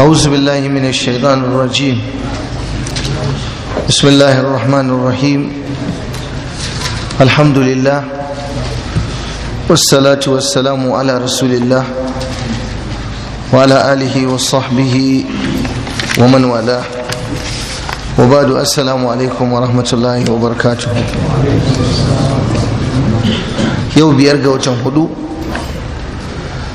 أعوذ بالله من الشيطان الرجيم بسم الله الرحمن الرحيم الحمد لله والصلاة والسلام على رسول الله وعلى آله وصحبه ومن والاه وبعد السلام عليكم ورحمة الله وبركاته يوم بيرجع وتنهدو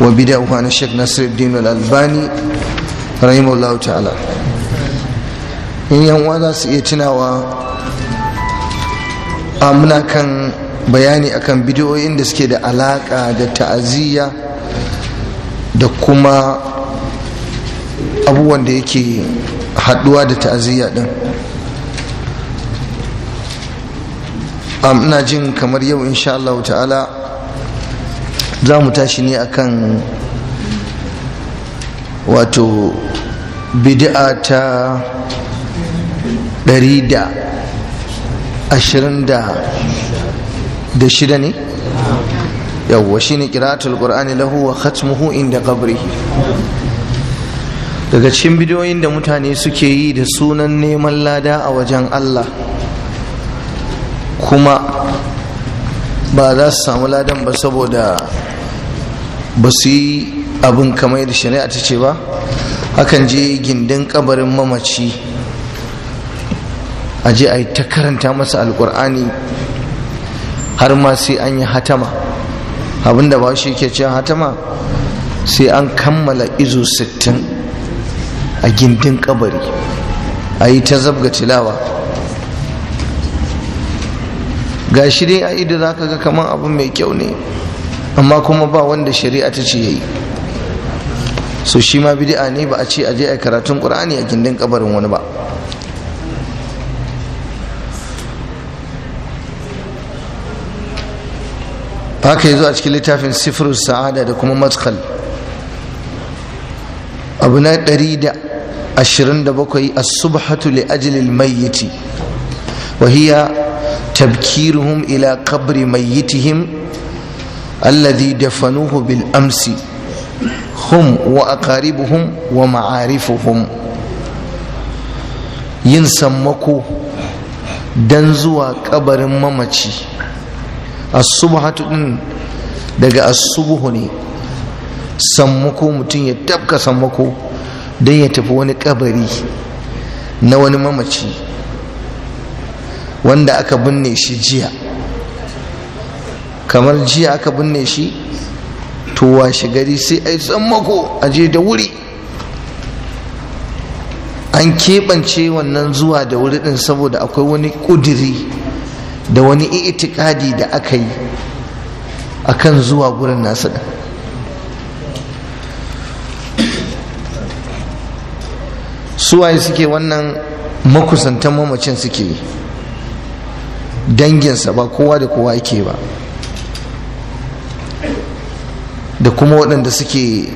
وبدعه عن الشيخ نصر الدين الألباني رحمه الله تعالى in yanwa za su iya tunawa a kan bayani akan bidiyoyin da suke da alaka da ta'aziyya da kuma abubuwan da yake haduwa da ta'aziyya din ina jin kamar yau insha Allah ta'ala za mu tashi ne akan wato bid'a ta 126 ne yawwa shine qira'atul qur'ani lahu wa khatmuhu inda qabrihi daga cikin bidiyoyin da mutane suke yi da sunan neman lada a wajen Allah kuma ba za su samu ladan ba saboda ba su yi abin kamar da shari'a ta ce ba Hakan je gindin kabarin mamaci a je a yi ta karanta masa alkur'ani har ma sai an yi hatama abinda ba shi ke cewa hatama sai an kammala izo 60 a gindin kabari a yi ta zabga tilawa ga shi dai a ido za ka ga kamar abu mai kyau ne amma kuma ba wanda shari'a ta ce yayi so shi ma bid'a ne ba a ce aje a karatun qur'ani a gindin kabarin wani ba haka yazo a cikin littafin sifru sa'ada da kuma madkhal abu na 127 as-subhatu li ajli al-mayyit wa hiya تبكيرهم إلى قبر ميتهم الذي دفنوه بالأمس هم وأقاربهم ومعارفهم ينسمكو دنزوا قبر ممتي الصبحة daga asubuhu ne sammako mutum ya tafka sammako don ya tafi wani kabari na wani mamaci wanda aka binne shi jiya kamar jiya aka binne shi to washe gari sai a yi tsammako a je da wuri an keɓance wannan zuwa da wuri din saboda akwai wani ƙudiri da wani itikadi da aka yi akan zuwa gurin nasu da suwaye suke wannan makusantan mamacin suke yi danginsa ba kowa da kowa yake ba da kuma waɗanda suke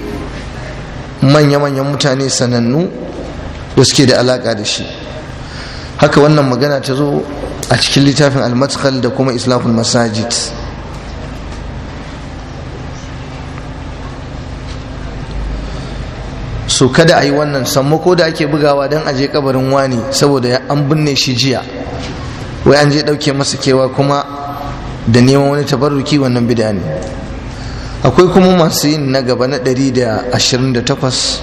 manya-manyan mutane sanannu da suke da alaƙa da shi haka wannan magana ta zo a cikin littafin almatkal da kuma islahul masajid so kada a yi wannan sammako da ake bugawa don aje kabarin wani saboda an binne shi jiya wai an je ɗauke masa kewa kuma da neman wani tabarruki wannan bida ne akwai kuma masu yin na gaba na 128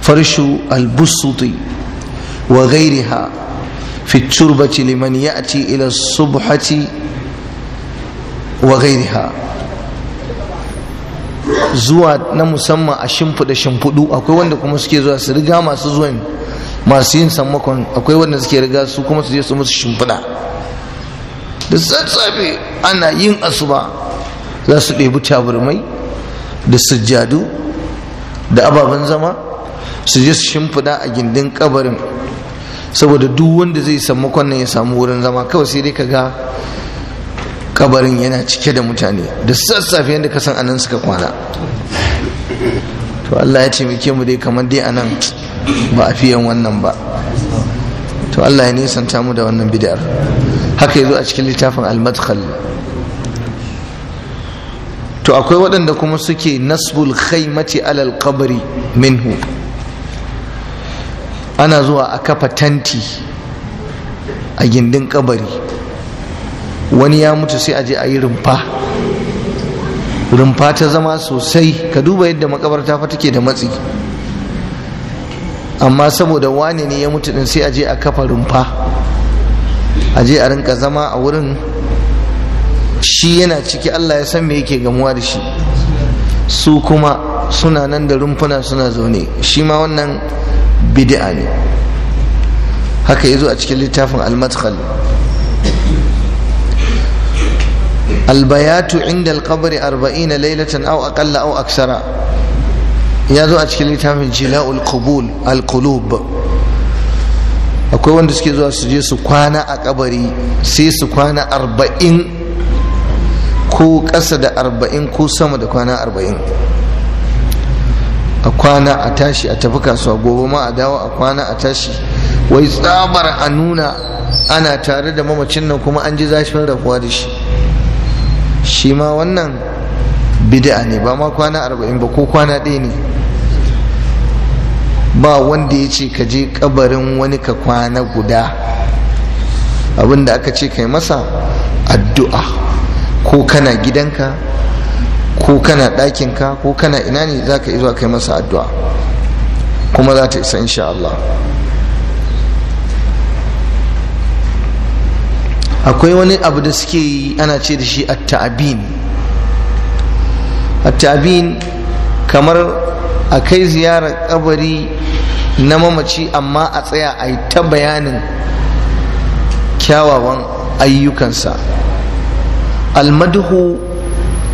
farshu albusuti wa gairiha fi turbati liman ya'ti ila subhati wa gairiha zuwa na musamman a shimfiɗa shimfiɗu akwai wanda kuma suke zuwa su riga masu zuwan masu yin sammakon akwai wanda suke riga su kuma su je su musu shimfiɗa da tsatsafe ana yin asuba za su ɗebi taburmai da sujjadu da ababen zama su je su shimfida a gindin kabarin saboda duk wanda zai samu kwanan ya samu wurin zama kawai sai dai ka ga kabarin yana cike da mutane da sassafe yadda kasan anan suka kwana to Allah ya ce mu dai kamar dai anan ba a fiyan wannan ba to Allah ya nisanta mu da wannan bid'ar haka yazo a cikin littafin al-madkhal to akwai waɗanda kuma suke nasbul khaymati alal qabri minhu ana zuwa a kafa tanti a gindin kabari wani ya mutu sai a je a yi rumfa rumfa ta zama sosai ka duba yadda makabarta fa take da matsi amma saboda wane ne ya mutu din sai a je a kafa rumfa a je a rinka zama a wurin shi yana ciki Allah ya san me yake gamuwa da shi su kuma suna nan da rumfuna suna zaune shi ma wannan bidi'a ne haka yazo a cikin littafin al-madkhal albayatu inda alqabri 40 laylatan au Akalla, au aksara ya zo a cikin littafin jila'ul qubul al akwai wanda suke zuwa su je su kwana a kabari sai su kwana arba'in ko ƙasa da arba'in ko sama da kwana arba'in a kwana a tashi a tafi kasuwa gobe ma a dawo a kwana a tashi wai tsabar a nuna ana tare da mamacin nan kuma an ji zafin rafuwa da shi shi ma wannan bid'a ne ba ma kwana arba'in ba ko kwana ɗaya ne ba wanda yace ce ka je kabarin wani ka kwana guda abinda aka ce kai masa addu'a ko kana gidanka ko kana ɗakinka ko kana ina ne za ka zuwa kai masa addu'a kuma za ta isa insha Allah akwai wani abu da suke yi ana ce da shi at ta'abini attabin kamar a kai ziyarar kabari na mamaci amma a tsaya a yi ta bayanin kyawawan ayyukansa almaduhu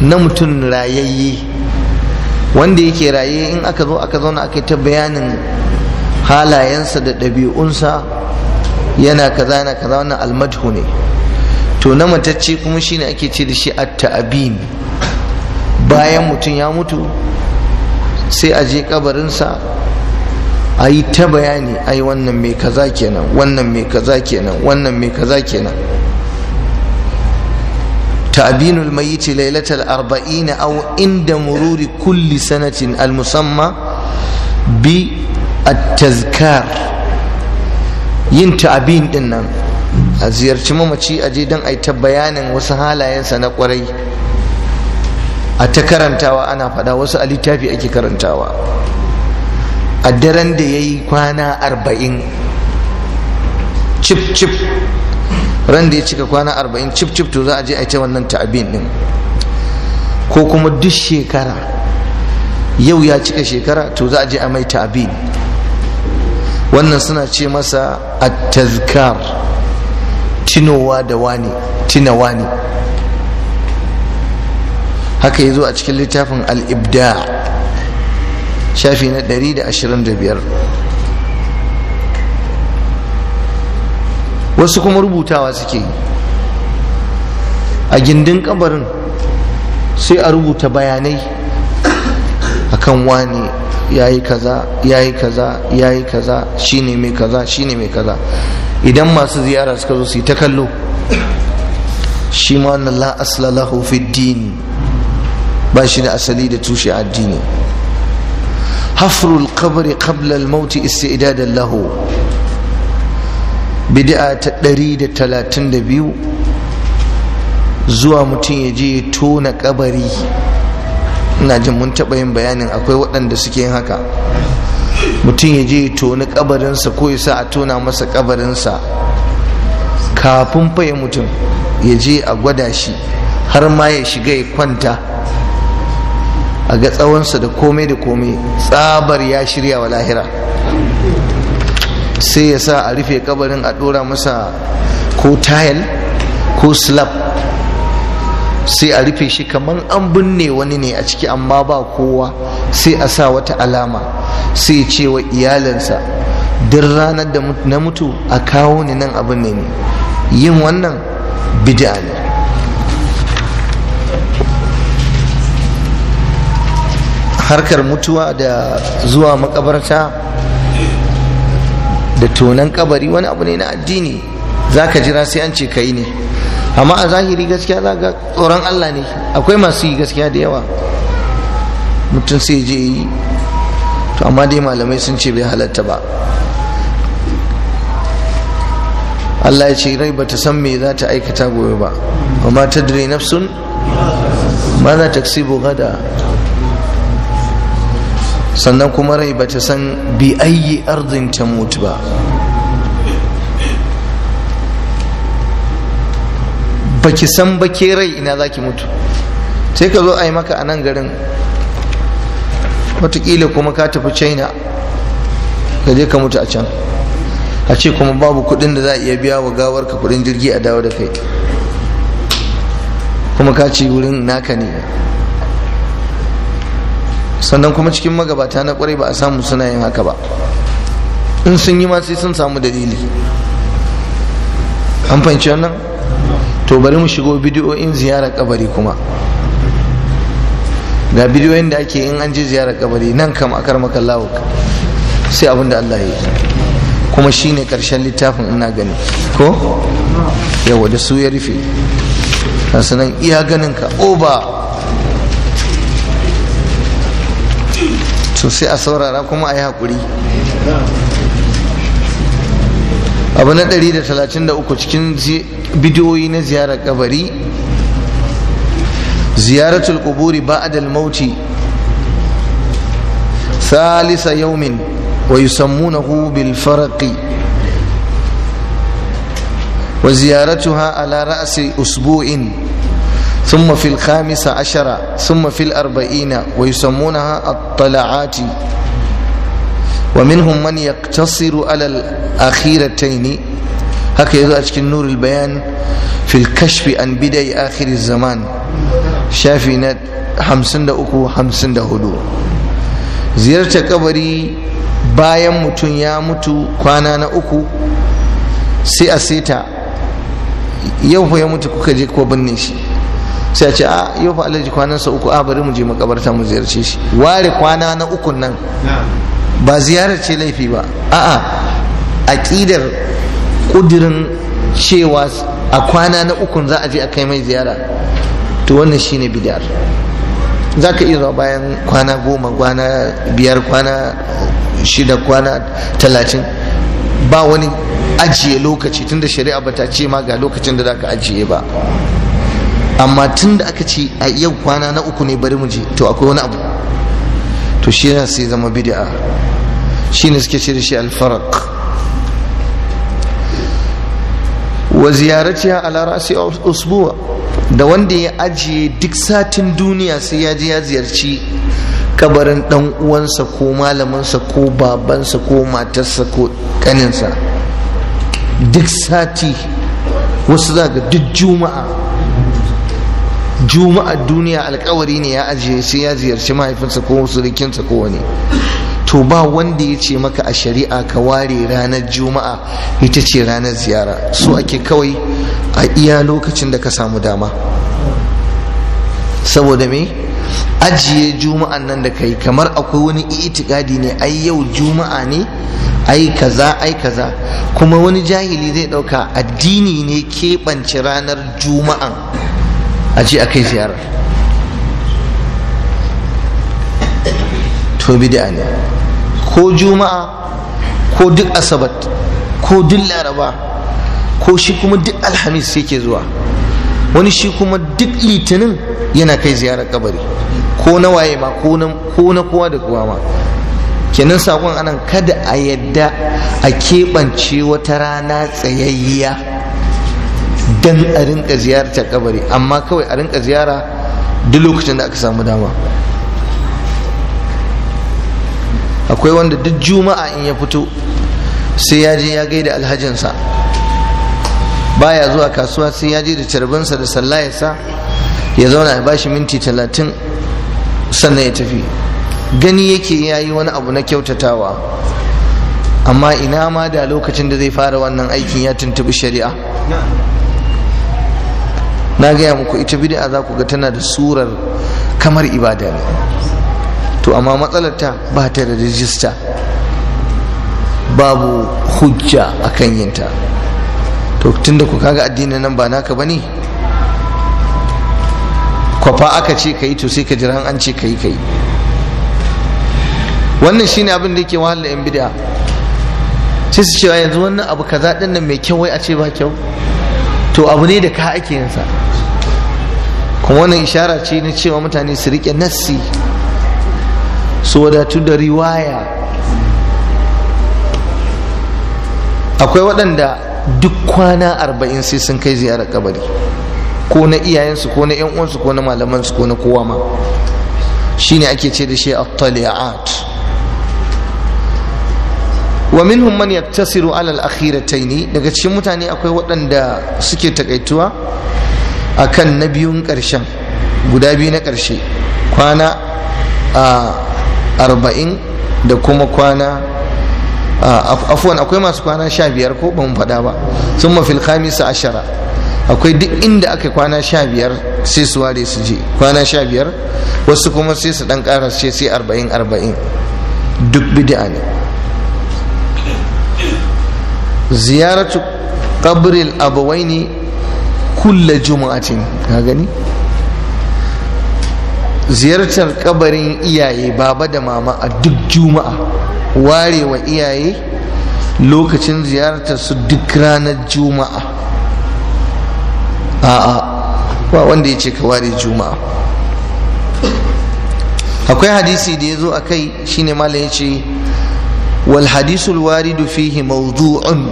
na mutum rayayye wanda yake raye in aka zo aka zauna aka yi ta bayanin halayensa da ɗabi'unsa yana kaza yana kaza ne to na matacce kuma shine ake ce da shi at-ta'abin bayan mutum ya mutu sai a je kabarinsa a yi ta bayani a yi wannan mai kaza kenan wannan mai kaza kenan wannan mai kaza kenan arba'in الميت inda mururi kulli sanatin al كل bi a tazkar yin ta'abin din nan a ziyarci mamaci a je don a yi ta bayanin wasu halayensa na kwarai a ta karantawa ana fada wasu a littafi ake karantawa a daren da ya yi kwana arba'in cip cip ran da ya cika kwana arba'in cip cip to za a je a ta wannan ta'abin din ko kuma duk shekara yau ya cika shekara to za a je a mai ta'abin wannan suna ce masa a tazkar tinowa da wani tinawa ne haka yazo a cikin littafin al-ibda shafi na 125 wasu kuma rubutawa suke a gindin kabarin sai a rubuta bayanai akan wani yayi kaza yayi kaza yayi kaza shine mai kaza shine mai kaza idan masu ziyara suka zo su yi ta kallo shi ma wannan la asla lahu din ba shi da asali da tushe addini hafrul kabari kablal mauti maut idadar laho bid'a ta 132 zuwa mutum ya je tona kabari ina jin mun taɓa yin bayanin akwai waɗanda suke yin haka mutum ya je ya toni kabarinsa ko ya sa a tona masa kabarinsa kafin faye mutum ya je a gwada shi har ma ya shiga ya kwanta a ga tsawonsa da komai da komai tsabar ya shirya wa lahira sai ya sa a rufe kabarin a dora masa ko tayal ko slab sai a rufe shi kamar an binne wani ne a ciki amma ba kowa sai a sa wata alama sai ya ce wa iyalinsa duk ranar da na mutu a kawo ni nan abin ne yin wannan bid'a ne harkar mutuwa da zuwa makabarta da tonan kabari wani abu ne na addini za ka jira sai an ce ka yi ne amma a zahiri gaskiya za ga tsoron Allah ne akwai masu yi gaskiya da yawa mutum sai je yi to amma dai malamai sun ce bai halatta ba Allah ya ce rai ta san me za ta aikata gobe ba amma tadri nafsun ma za ta gada sannan kuma rai bata san bi ayi ardin ta mutu ba baki san ba ke rai ina zaki mutu sai ka zo a yi maka a nan garin watakila kuma ka tafi china ka je ka mutu a can a ce kuma babu kudin da za a iya biya wa gawar ka kudin jirgi a dawo da kai kuma ka ce wurin naka ne sannan kuma cikin magabata na kwarai ba a samu suna yin haka ba in sun yi ma sai sun samu dalili an fahimci wannan to bari mu shigo bidiyoyin ziyarar kabari kuma ga bidiyoyin da ake in an je ziyarar kabari nan kam akar makallawa sai abin da Allah ya yi kuma shine karshen littafin ina gani ko yawa da su ya rufe sanan iya ganin ka oba so sai a saurara kuma a yi haƙuri abu na 133 cikin bidiyoyi na ziyarar kabari ziyaratul kuburi ba'da al-mauti thalitha yawmin wa yusammunahu bil farqi wa ziyaratuha ala ra'si usbu'in ثم في الخامسة عشرة ثم في الأربعين ويسمونها الطلعات ومنهم من يقتصر على الأخيرتين هكذا أشكل نور البيان في الكشف عن بداية آخر الزمان شافينا hamsin da uku hamsin da hudu ziyartar kabari bayan mutum ya mutu kwana na uku sai a seta yau ya mutu kuka je kuwa binne shi sai ce a ah, yau fa alhaji kwanan sa uku a ah, bari mu je makabarta mu ziyarci shi ware kwana na ukun nan ba ziyarar laifi ba a'a aƙidar ƙudirin cewa a kwana na ukun za a je a kai mai ziyara to wannan shine bidiyar. za ka iya zuwa bayan kwana goma kwana biyar kwana shida kwana talatin ba wani ajiye lokaci tunda shari'a ba ta ce ma ga lokacin da za ka ajiye ba amma tun da aka ci a yau kwana na uku ne bari mu je to akwai wani abu to shi yana sai zama bid'a shi ne suke ce da shi alfarak wa ziyaratiya ala ra'si usbuwa da wanda ya ajiye duk satin duniya sai ya je ya ziyarci kabarin dan uwansa ko malamansa ko babansa ko matarsa ko kaninsa duk sati wasu zaga duk juma'a juma'a duniya alkawari ne ya ajiye sai ya ziyarci mahaifinsa ko surikinsa ko wani to ba wanda ya ce maka a shari'a ka ware ranar juma'a ita ce ranar ziyara so ake kawai a iya lokacin da ka samu dama saboda me ajiye juma'an nan da ka yi kamar akwai wani itikadi ne ai yau juma'a ne ai kaza ai kaza kuma wani jahili zai dauka addini ne keɓance ranar juma'an a ce a kai ziyarar to bid'a ne ko juma'a ko duk asabat ko duk laraba ko shi kuma duk alhamis sai ke zuwa wani shi kuma duk litinin yana kai ziyarar kabari ko na waye ma ko na kowa da kowa ma kenan sakon anan kada a yadda a keɓance wata rana tsayayya dan a rinka ziyarta kabari amma kawai a rinka ziyara duk lokacin da aka samu dama akwai wanda duk juma'a in ya fito sai ya je ya gaida alhajinsa baya zuwa kasuwa sai ya je da carbinsa da sallayarsa ya zauna ya bashi minti talatin sannan ya tafi gani yake ya yi wani abu na kyautatawa amma ina ma da lokacin da zai fara wannan aikin ya tuntubi shari'a na gaya muku ita bid'a za ku ga tana da surar kamar ibada ne to amma matsalar ta ba ta da rijista babu hujja a kan yinta to tunda ku kaga addinin nan ba naka bane kwafa aka ce ka yi to sai ka jira an ce ka yi ka yi. wannan shine abin da yake wahala yan bid'a sai su cewa yanzu wannan abu kaza dinnan mai kyau wai a ce ba kyau to abu ne da ka ake yin sa kuma wannan ishara ce na cewa mutane su rike nassi su wadatu da riwaya akwai waɗanda duk kwana arba'in sai sun kai ziyarar kabari ko na iyayensu ko na uwansu ko na malamansu ko na kowa ma shine ake ce da shi at-tali'at wa minhum man yaktasiru alal akhiratayn daga cikin mutane akwai waɗanda suke takaituwa akan na biyun ƙarshen guda biyu na ƙarshe kwana arba'in da kuma kwana afuwan akwai masu kwana sha biyar ko ban faɗa ba sun mafil khamisa ashara akwai duk inda aka kwana sha biyar sai su ware su je kwana sha biyar wasu kuma sai su ɗan ƙara sai arba'in arba'in duk bid'a ne ziyaratu qabril abawaini kulla juma'atin ka gani ziyartar kabarin iyaye baba da mama a duk juma'a warewa iyaye lokacin ziyartar su duk ranar juma'a a'a ba wanda ya ce ka ware juma'a akwai hadisi da ya zo a kai shine malam ce wal hadisul waridu fihi mawdu'un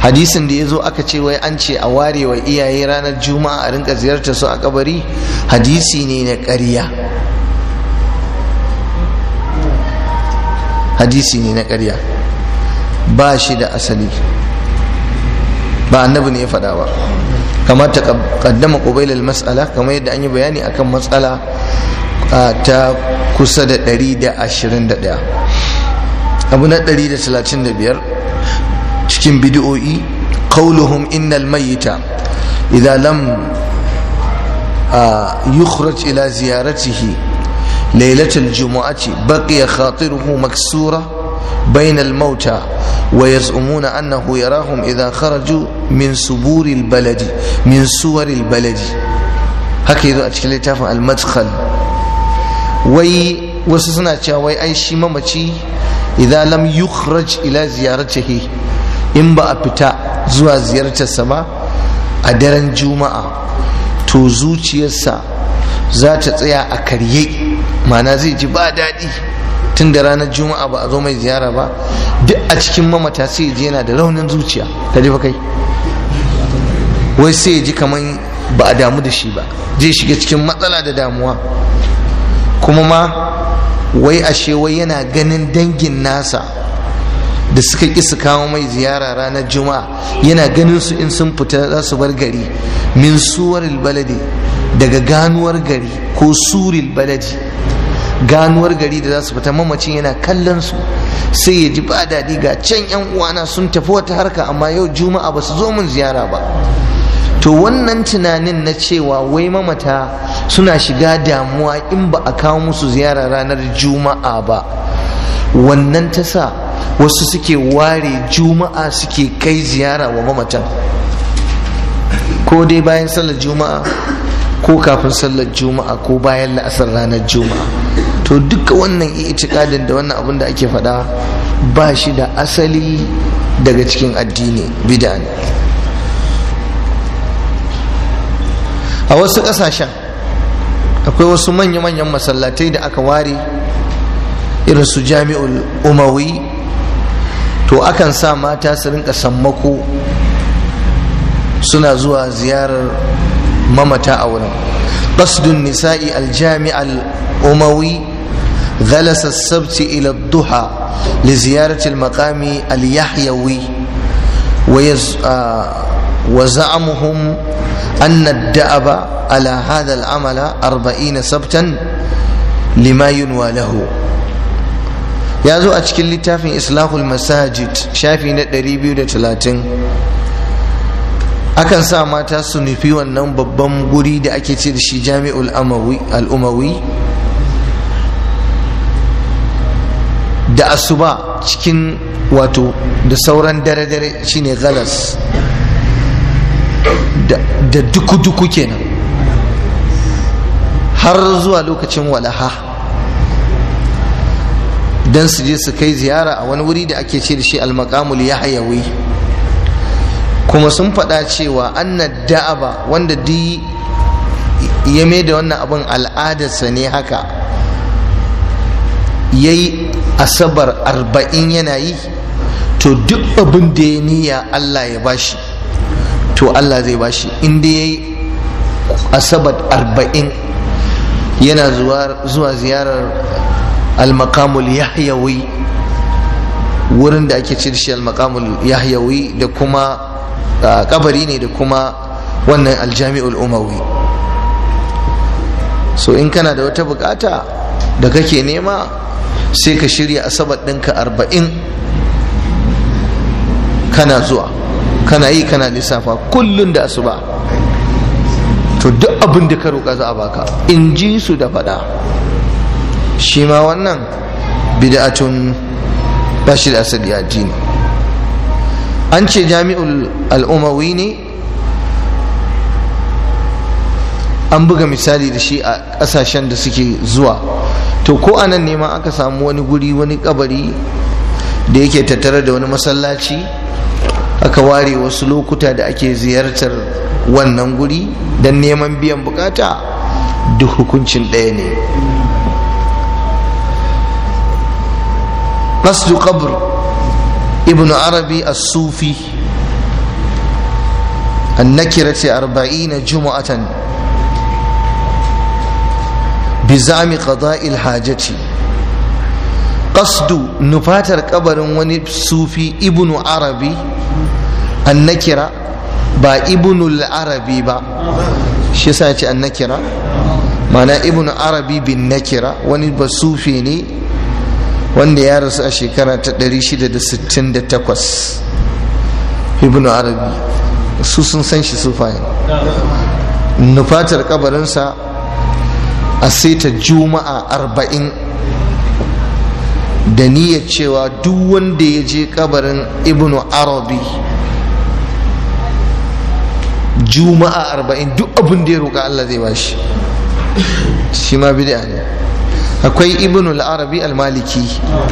hadisin da ya zo aka ce wai an ce a ware wa iyaye ranar juma'a a rinka ziyartar su a kabari hadisi ne na ƙarya hadisi ne na ƙarya ba shi da asali ba annabi ne ya faɗa ba kamar ta kaddama ƙubailar matsala, kamar yadda an yi bayani akan matsala ta kusa da 121 abu na 135 cikin bidiyo'i kauluhum innal mayyita idza lam yukhraj ila ziyaratihi lailatul jumu'ati baqiya khatiruhu maksura بين الموتى ويزعمون أنه يراهم إذا خرجوا من سبور البلد من سور البلد هكذا أتكلم تافه المدخل wai wasu suna cewa wai ai shi mamaci idza lam yukhraj ila ziyaratihi in ba a fita zuwa ziyartar ba a daren juma'a to zuciyarsa za ta tsaya a karye mana zai ji ba daɗi tun da ranar juma'a ba a zo mai ziyara ba duk a cikin mamata sai ji yana da raunin zuciya ta ji kai wai sai ji kamar ba a damu da shi ba zai shiga cikin matsala da damuwa kuma ma wai ashe wai yana ganin dangin nasa da suka ƙi su kawo mai ziyara ranar juma'a yana ganin su in sun fita za su bar gari min suwar baladi daga ganuwar gari ko suril balade ganuwar gari da za su fita mamacin yana kallon su sai ya ji ba daɗi ga can yan uwana sun tafi wata harka amma yau juma'a ba su zo mun ziyara ba to wannan tunanin na cewa wai mamata suna shiga damuwa in ba a kawo musu ziyara ranar juma'a ba wannan ta sa wasu suke ware juma'a suke kai ziyara wa mamatan ko dai bayan sallar juma'a ko kafin sallar juma'a ko bayan la'asar ranar juma'a to duka wannan itikadin da wannan abin da ake faɗa ba shi da asali daga cikin addini bid'a ne a wasu ƙasashen akwai wasu manya-manyan masallatai da aka ware irin su jami'ul umawi to akan sa mata su rinka sammako suna zuwa ziyarar mamata a wurin qasdun nisa'i aljami'al umawi ghalasa sabti ila duha li ziyarati al-maqami al-yahyawi wa ah, za'amuhum أن الدأب على هذا العمل أربعين سبتا لما ينوى له ya zo a cikin littafin islahul masajid shafi na ɗari biyu da 230 akan sa mata su nufi wannan babban guri da ake ci da shi jami'ul al'umawi da asuba cikin wato da sauran dare-dare shine galas da duku-duku kenan har zuwa lokacin walaha don su je su kai ziyara a wani wuri da ake ce da shi almakamul ya hayawi kuma sun faɗa cewa anna da'aba wanda di ya mai da wannan abin al'adarsa ne haka ya yi asabar arba'in yana yi to duk abin da ya niya allah ya bashi to Allah zai bashi inda ya yi asabar arba'in yana zuwa ziyarar almakamul yahyawi wurin da ake cire shi almakamul yahyawi da kuma kabari ne da kuma wannan aljami'ul umawi so in kana da wata bukata da kake nema sai ka shirya asabar ɗinka arba'in kana zuwa kana yi kana lissafa kullum da asuba to duk abin da ka roƙa za a baka in ji su da faɗa shi ma wannan bid'atun bashi da asali addini an ce jami'ul al'umawi ne an buga misali da shi a ƙasashen da suke zuwa to ko anan ne ma aka samu wani guri wani kabari da yake tattare da wani masallaci aka ware wasu lokuta da ake ziyartar wannan guri don neman biyan bukata duk hukuncin ɗaya ne qasdu qabr ibn arabi as-sufi annakirati arba'ina juma'atan bi zami qada'il hajati qasdu nufatar kabarin wani sufi ibnu arabi annakira ba ibnu arabi ba shi yasa ya ce annakira mana ibnu arabi bin nakira wani ba sufi ne wanda ya rasu a shekara ta 668 ibnu arabi su sun san shi sufaye nufatar kabarinsa a ta juma'a arba'in da niyyar cewa duk wanda ya je kabarin ibnu arabi juma'a arba'in duk abin da ya roƙa Allah zai bashi shi ma bid'a ne akwai ibnu al-arabi al-maliki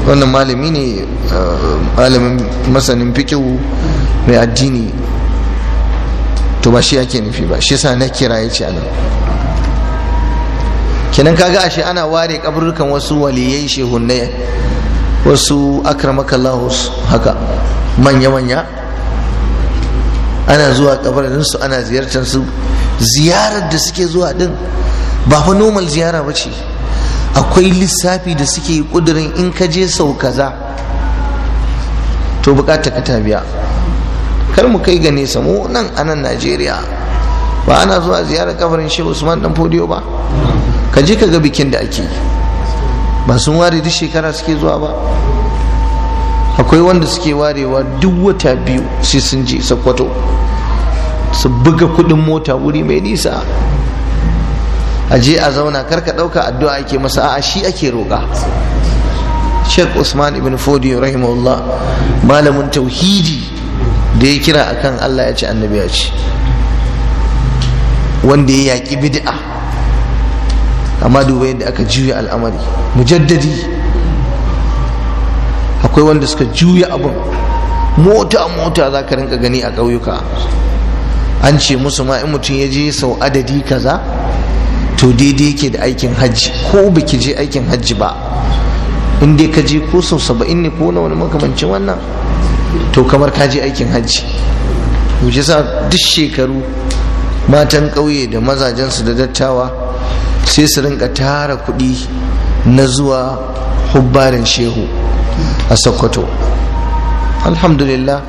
wannan malami ne uh, malamin masanin fiqh mai addini to ba shi yake nufi ba shi yasa na kira yace anan kenan kaga ashe ana ware kaburukan wasu waliyai shehunnai wasu akramakallahu haka manya-manya ana zuwa su ana ziyartar su ziyarar da suke zuwa din ba fa normal ziyara ba ce akwai lissafi da suke kudirin in ka je sau kaza to bukata ka ta kar mu kai ga nesa mu nan a nan najeriya ba ana zuwa ziyarar kabarin shehu usman dan fodiyo ba ka je ka ga bikin da ake yi ba sun ware duk shekara suke zuwa ba akwai wanda suke warewa duk wata biyu sai sun je Sakwato. su buga kudin mota wuri mai nisa a je a zauna karka dauka addu'a ake masa a shi ake roƙa Sheikh Usman ibn Fodi rahimahullah malamin tauhidi da ya kira akan Allah ya ce annabi ya ce wanda ya yaƙi bid'a amma duba yadda aka juya al'amari mujaddadi akwai wanda suka juya abin mota mota za ka rinka gani a ƙauyuka an ce musu ma in mutum ya je sau adadi kaza to daidai yake da aikin hajji ko biki je aikin hajji ba inda ka je ko sau saba'in ne ko wani makamancin wannan to kamar ka je aikin hajji wuce sa duk shekaru matan ƙauye da mazajensu da dattawa sai su rinka tara kudi na zuwa hubbarin shehu a sokoto alhamdulillah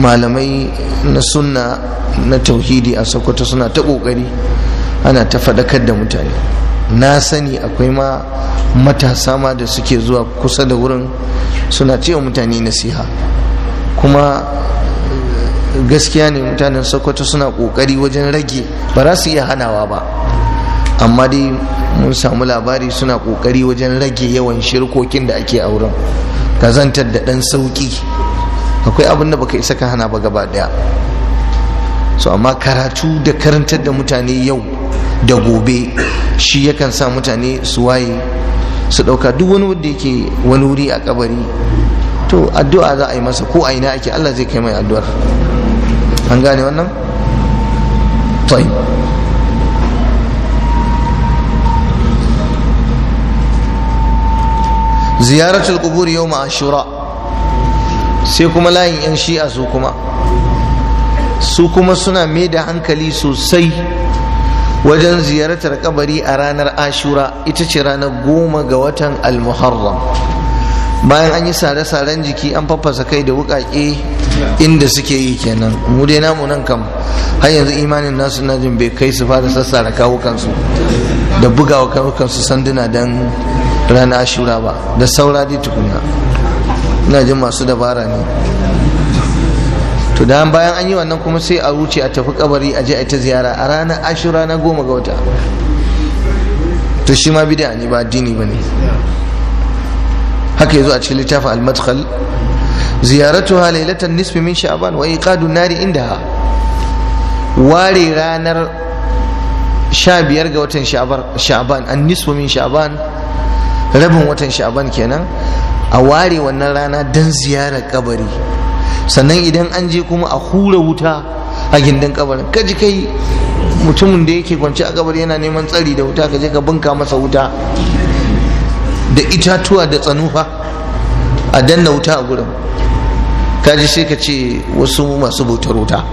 malamai na sunna na tauhidi a sokoto suna ta kokari. ana ta faɗakar da mutane na sani akwai ma matasa ma da suke zuwa kusa da wurin suna cewa mutane nasiha kuma gaskiya ne mutanen sokoto suna kokari wajen rage ba za su iya hanawa ba amma dai mun samu labari suna kokari wajen rage yawan shirkokin da ake a wurin kazantar da dan sauki akwai abin da baka isa ka hana ba gaba daya so amma karatu da karantar da mutane yau da gobe shi yakan sa mutane su waye su dauka duk wani wanda yake wani wuri a kabari to addu'a za a yi masa ko a ina ake Allah zai kai mai addu'ar an gane wannan tayyib ziyaratul qubur yawm ashura sai kuma layin yan shi'a su kuma su kuma suna mai da hankali sosai wajen ziyartar kabari a ranar ashura ita ce ranar goma ga watan almuharram bayan an yi sare-saren jiki an faffasa kai da wukake inda suke yi kenan mu dai namu nan kam har yanzu imanin nasu na jin bai kai su fara sassara kawukansu da bugawa kawukansu sanduna don rana ashura ba da saura dai tukunna ina jin masu dabara ne to da bayan an yi wannan kuma sai a wuce a tafi kabari a je a ta ziyara a ranar ashura na goma ga wata to shi ma bida ne ba addini ba ne haka yazo a cikin littafin al-madkhal ziyaratuha lailatan nisfi min sha'ban wa iqadu nari indaha ware ranar 15 ga watan sha'ban an nisfu min sha'ban rabin watan shaban kenan a ware wannan rana don ziyarar kabari sannan idan an je kuma a hura wuta a gindin kabarin kaji kai mutumin da yake kwance a kabari yana neman tsari da wuta ka je ka bunka masa wuta da itatuwa da tsanufa a danna wuta a gurin kaji sai ka ce wasu masu bautar wuta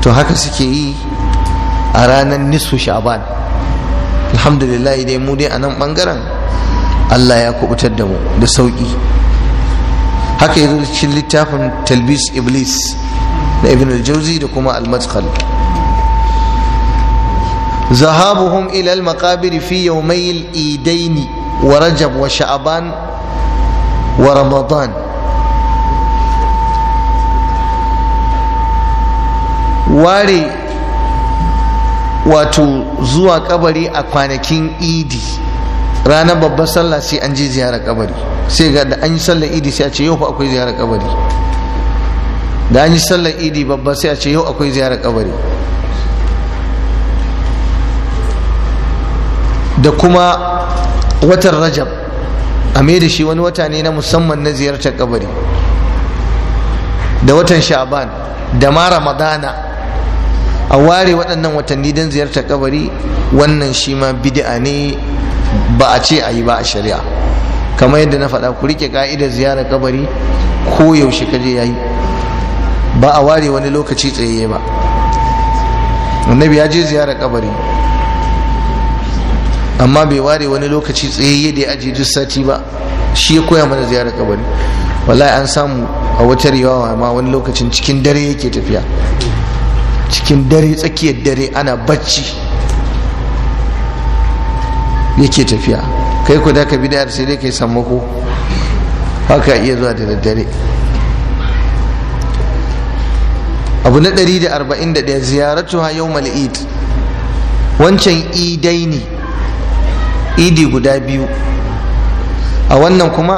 to haka suke yi a ranar nisfu sha'ban alhamdulillah dai mu dai a nan bangaren Allah ya kubutar da mu da sauki haka yanzu cin littafin talbis iblis na ibn al-jauzi da kuma al-madkhal zahabuhum ilal al-maqabir fi yawmay al-idaini wa rajab wa sha'ban wa ramadan ware wato zuwa kabari a kwanakin idi ranar babbar sallah sai an je ziyarar kabari sai ga da an yi sallar idi sai a ce yau fa akwai ziyarar kabari da an yi sallar idi babba sai a ce yau akwai ziyarar kabari da kuma watan rajab a mai da shi wani wata ne na musamman na ziyartar kabari da watan sha'ban da ma ramadana a ware waɗannan watanni don ziyartar kabari wannan shi ma bid'a ne ba a ce a yi ba a shari'a kamar yadda na faɗa ku rike ka'idar ziyarar kabari ko yaushe kaje ya yi ba a ware wani lokaci tsayayye ba annabi ya je ziyarar kabari amma bai ware wani lokaci tsayayye da ya aje duk sati ba shi ya koya mana ziyarar kabari wallahi an samu a wata riwawa ma wani lokacin cikin dare yake tafiya cikin dare tsakiyar dare ana bacci yake tafiya kai ku da ka bi da sai dai kai sammako haka iya zuwa da daddare abu na 141 ha yau id wancan idai ne idi guda biyu a wannan kuma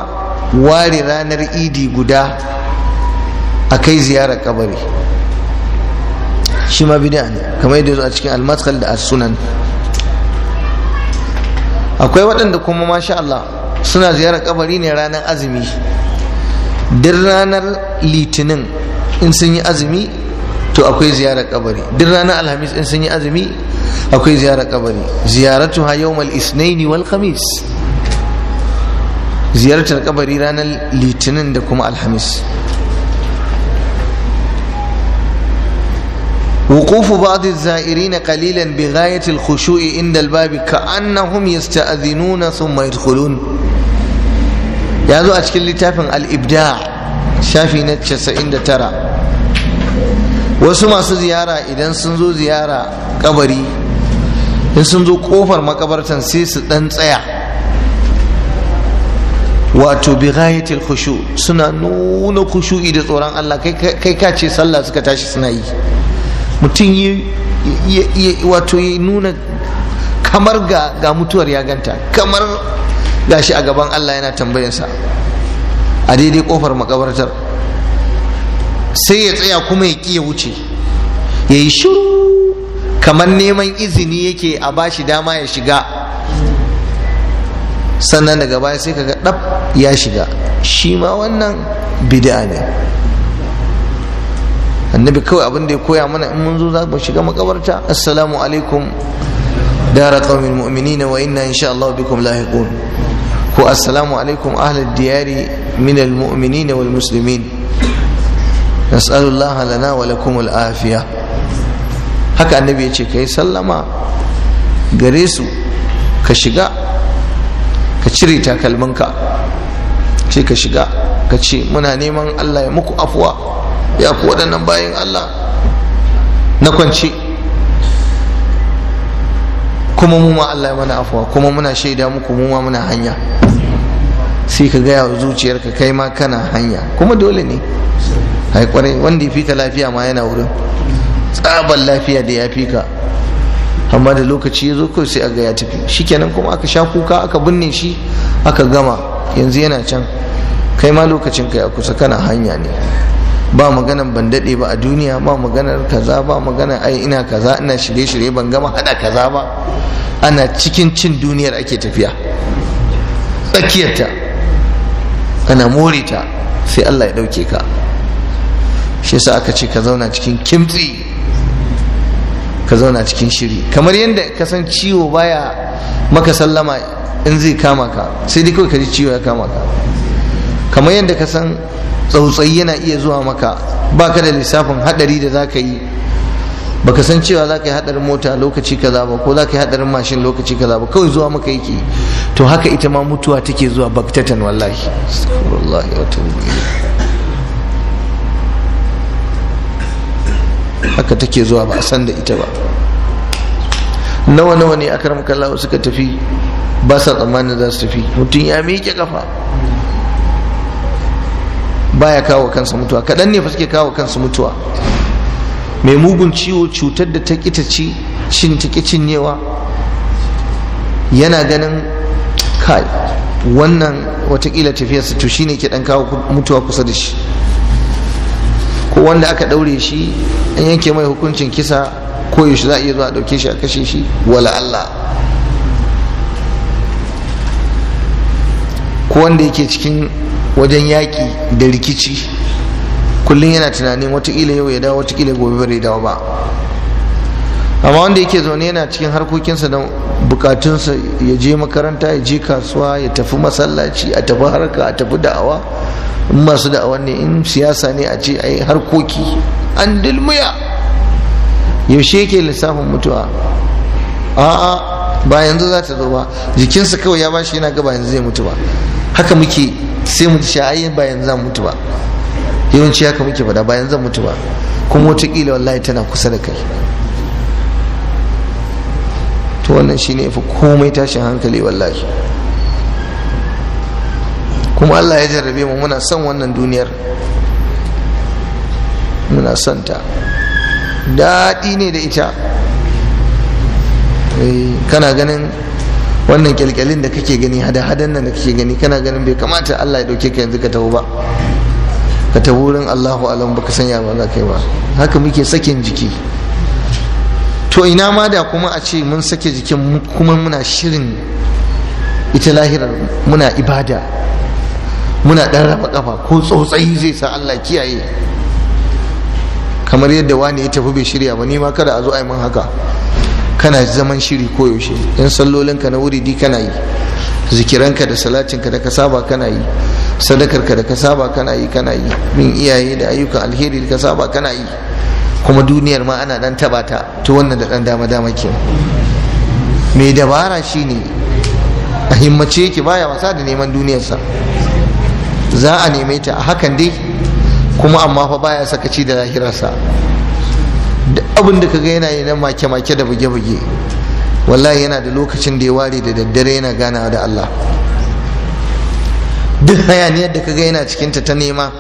ware ranar idi guda a kai ziyarar kabari shi ma bid'a ne kamar yadda a cikin al da sunan akwai waɗanda kuma masha Allah suna ziyarar kabari ne ranar azumi duk ranar litinin in sun yi azumi to akwai ziyarar kabari duk ranar alhamis in sun yi azumi akwai ziyarar kabari ziyaratuha yawmal isnaini wal khamis ziyartar kabari ranar litinin da kuma alhamis وقوف بعض الزائرين قليلا بغاية الخشوع عند الباب كأنهم يستأذنون ثم يدخلون يا ذو أشكال لتافن الإبداع شافي نتشس da tara. wasu masu ziyara idan sun zo ziyara kabari in sun zo kofar makabartan sai su dan tsaya wato bi ghayatil khushu suna nuna khushu'i da tsoron Allah kai ka ce sallah suka tashi suna yi mutum yi wato ya nuna kamar ga mutuwar ya ganta kamar gashi a gaban Allah yana tambayarsa a daidai kofar makabartar sai ya tsaya kuma ya ya wuce ya yi shiru kamar neman izini yake a bashi dama ya shiga sannan daga baya sai kaga ɗab ya shiga shi ma wannan bid'a ne annabi kawai abin da ya koya mana in mun zo za mu shiga makabarta assalamu alaikum dara qaumin mu'minina wa inna insha Allah bikum lahiqun ko assalamu alaikum ahli diyari min al mu'minina wal muslimin nas'alu Allah lana wa lakum al afiya haka annabi ya ce kai sallama gare su ka shiga ka cire takalminka ce ka shiga ka ce muna neman Allah ya muku afuwa ya ku waɗannan bayan Allah na kwance kuma mu ma Allah ya mana afuwa kuma muna shaida muku mu ma muna hanya sai ka gaya wa zuciyarka kai ma kana hanya kuma dole ne haikwari wanda ya fika lafiya ma yana wurin tsaban lafiya da ya ka amma da lokaci ya zo kawai sai aga ya tafi shikenan kuma aka sha kuka aka binne shi aka gama yanzu yana can kai ma lokacin ka ya kusa kana hanya ne ba maganar ban daɗe ba a duniya ba maganar kaza ba maganar ai ina kaza ina shirye-shirye ban gama hada kaza ba ana cikin cin duniyar ake tafiya tsakiyarta ana more ta sai Allah ya dauke ka shi yasa aka ce ka zauna cikin kimtsi ka zauna cikin shiri kamar yadda ka san ciwo baya maka sallama in zai kama ka sai dai kawai ka ji ciwo ya kama ka kamar yadda ka san tsautsayi yana iya zuwa maka baka da lissafin hadari da zaka yi baka san cewa za ka yi hadarin mota lokaci kaza ba ko za ka yi hadarin mashin lokaci kaza ba kawai zuwa maka yake to haka ita ma mutuwa take zuwa baktatan wallahi wallahi haka take zuwa ba a san da ita ba nawa nawa ne akram kallahu suka tafi ba sa tsammanin za su tafi mutum ya miƙe kafa baya kawo kansa mutuwa kaɗan ne fa suke kawo kansa mutuwa mai mugun ciwo cutar da ta kita ci cin ta cinyewa yana ganin kai wannan watakila tafiyarsa to shine ke dan kawo mutuwa kusa da shi ko wanda aka daure shi an yanke mai hukuncin kisa ko yaushe za a iya zuwa a dauke shi a kashe shi wala Allah ko wanda yake cikin wajen yaƙi da rikici kullum yana tunanin watakila yau ya dawo watakila gobe bai dawo ba amma wanda yake zaune yana cikin harkokinsa da bukatunsa ya je makaranta ya je kasuwa ya tafi masallaci a tafi harka a tafi da'awa in masu da'awa ne in siyasa ne a ce a yi harkoki an yaushe yake lissafin mutuwa a'a ba yanzu za ta zo ba jikinsa kawai ya bashi yana gaba yanzu zai mutu ba haka muke sai mu ce ai bayan zan mutu ba yawanci haka ke fada bayan zan mutu ba kuma wataƙila wallahi tana kusa da kai to wannan shi ne fi komai tashin hankali wallahi kuma allah ya jarrabe mu muna son wannan duniyar muna son ta daɗi ne da ita eh, kana ganin wannan kyalkyalin da kake gani hada-hadan nan da kake gani kana ganin bai kamata Allah ya dauke ka yanzu ka tawo ba ka tafi wurin Allahu alam baka sanya ba za ka yi ba haka muke sakin jiki to ina ma da kuma a ce mun sake jikin kuma muna shirin ita lahirar muna ibada muna dan raba kafa ko tsotsayi zai sa Allah kiyaye kamar yadda wani ya tafi bai shirya ba ni ma kada a zo a yi mun haka kana zaman shiri koyaushe in ka na wuri wuridi kana yi zikiranka da salatinka da ka saba kana yi sadakarka da ka saba kana yi kana yi min iyaye da ayyukan alheri da ka saba kana yi kuma duniyar ma ana dan taba ta to wannan da dan dama dama ke mai dabara shine a himmace yake baya wasa da neman duniyarsa za a neme ta a hakan dai kuma amma fa baya sakaci da lahirarsa duk abin da kaga yana yi na make-make da buge-buge wallahi yana da lokacin da ya ware da daddare yana ganawa da Allah duk hayaniyar da kaga yana cikinta ta nema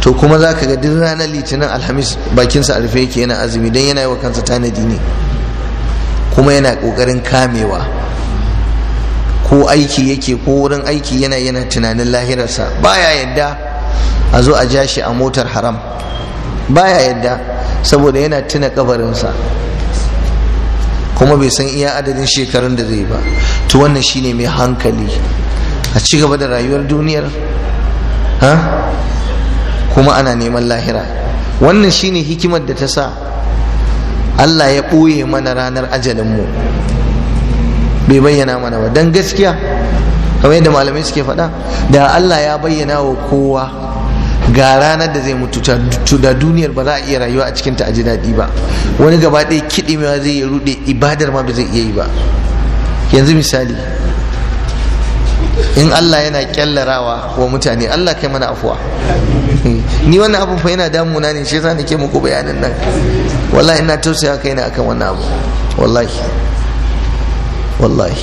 to kuma za ka ga duk ranar litinin alhamis bakinsa a rufe yake yana azumi don yana yi wa kansa tanadi ne kuma yana ƙoƙarin kamewa ko aiki yake ko wurin aiki yana yana tunanin lahirarsa baya yadda a zo a ja shi a motar haram baya yadda saboda yana tuna kabarinsa kuma bai san iya adadin shekarun da zai ba to wannan shine mai hankali a ci gaba da rayuwar duniyar ha kuma ana neman lahira wannan shine hikimar da ta sa Allah ya ɓoye mana ranar ajalinmu bai bayyana mana ba don gaskiya kamar yadda malamai suke faɗa da Allah ya bayyana wa kowa ga ranar da zai mutu da duniyar ba za a iya rayuwa a cikin ta aji daɗi ba wani gaba ɗaya kiɗi ma zai iya ruɗe ibadar ma ba zai iya yi ba yanzu misali in Allah yana kyallarawa wa mutane Allah kai mana afuwa ni wannan abu fa yana damuna ne shi yasa nake muku bayanin nan wallahi ina tausaya kaina akan wannan abu wallahi wallahi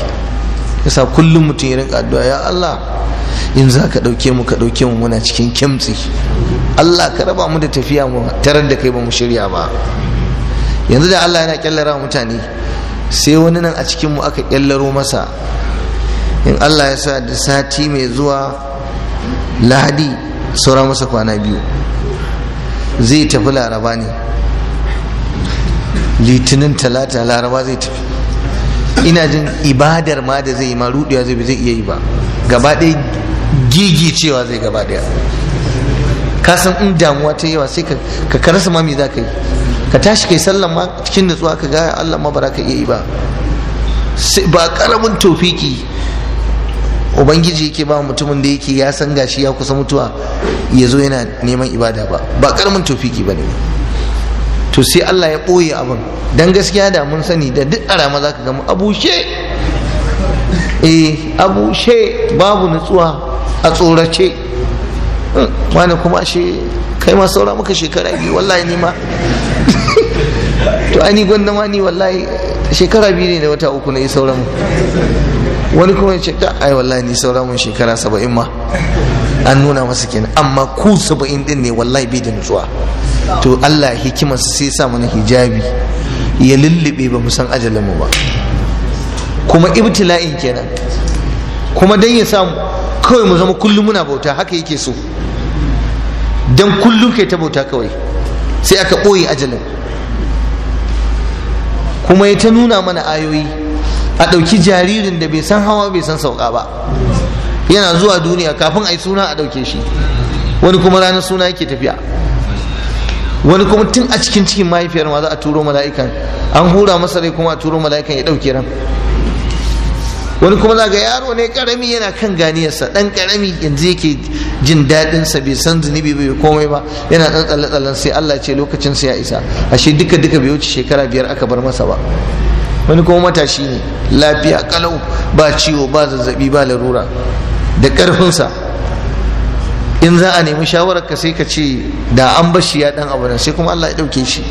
yasa kullum mutum ya rinka addu'a ya Allah in za ka ɗauke mu ka ɗauke mu muna cikin kimtsi Allah ka raba mu da tafiya mu tarar da kai ba mu shirya ba yanzu da Allah yana kyallara mutane sai wani nan a cikin mu aka kyallaro masa in Allah ya sa da sati mai zuwa lahadi saura masa kwana biyu zai tafi laraba ne litinin talata laraba zai tafi ina jin ibadar ma da zai yi ma rudewa zai iya yi ba gaba ɗaya gigi cewa zai gaba daya ka san in damuwa ta yawa sai ka karasa ma me za ka yi ka tashi kai sallan ma cikin nutsuwa ka gaya Allah ma ba ka iya yi ba ba karamin tofiki ubangiji yake ba mutumin da yake ya san gashi ya kusa mutuwa ya zo yana neman ibada ba ba karamin tofiki ba ne to sai Allah ya ɓoye abin don gaskiya da mun sani da duk rama za ka gama abushe eh abushe babu nutsuwa a tsorace hmm, wani kuma shi kai ma saura maka shekara biyu wallahi ni ma to ani gwanda ma ni wallahi shekara biyu ne da wata uku na yi sauran wani kuma ce ta ai wallahi ni sauran mun shekara saba'in ma an nuna masa kenan amma ku saba'in din ne wallahi bai da nutsuwa to Allah su sai ya sa mana hijabi ya lullube ba mu san ajalin mu ba kuma ibtila'in kenan kuma dan ya samu kawai mu zama kullum muna bauta haka yake so dan kullum ke ta bauta kawai sai aka ɓoye ajalin kuma ya ta nuna mana ayoyi a ɗauki jaririn da bai san hawa bai san sauka ba yana zuwa duniya kafin a yi suna a ɗauke shi wani kuma ranar suna yake tafiya wani kuma tun a cikin cikin mahaifiyar ma za a turo mala'ikan an hura masa rai kuma a turo mala'ikan ya ɗauke ran wani kuma zaga yaro ne karami yana kan ganiyarsa dan karami yanzu yake jin daɗin sa bai san zunubi bai komai ba yana dan tsalle tsallen sai Allah ce lokacin sa ya isa ashe duka duka bai wuce shekara biyar aka bar masa ba wani kuma matashi ne lafiya kalau ba ciwo ba zazzabi ba larura da ƙarfinsa in za a nemi shawarar ka sai ka ce da an shi ya dan abu nan sai kuma Allah ya dauke shi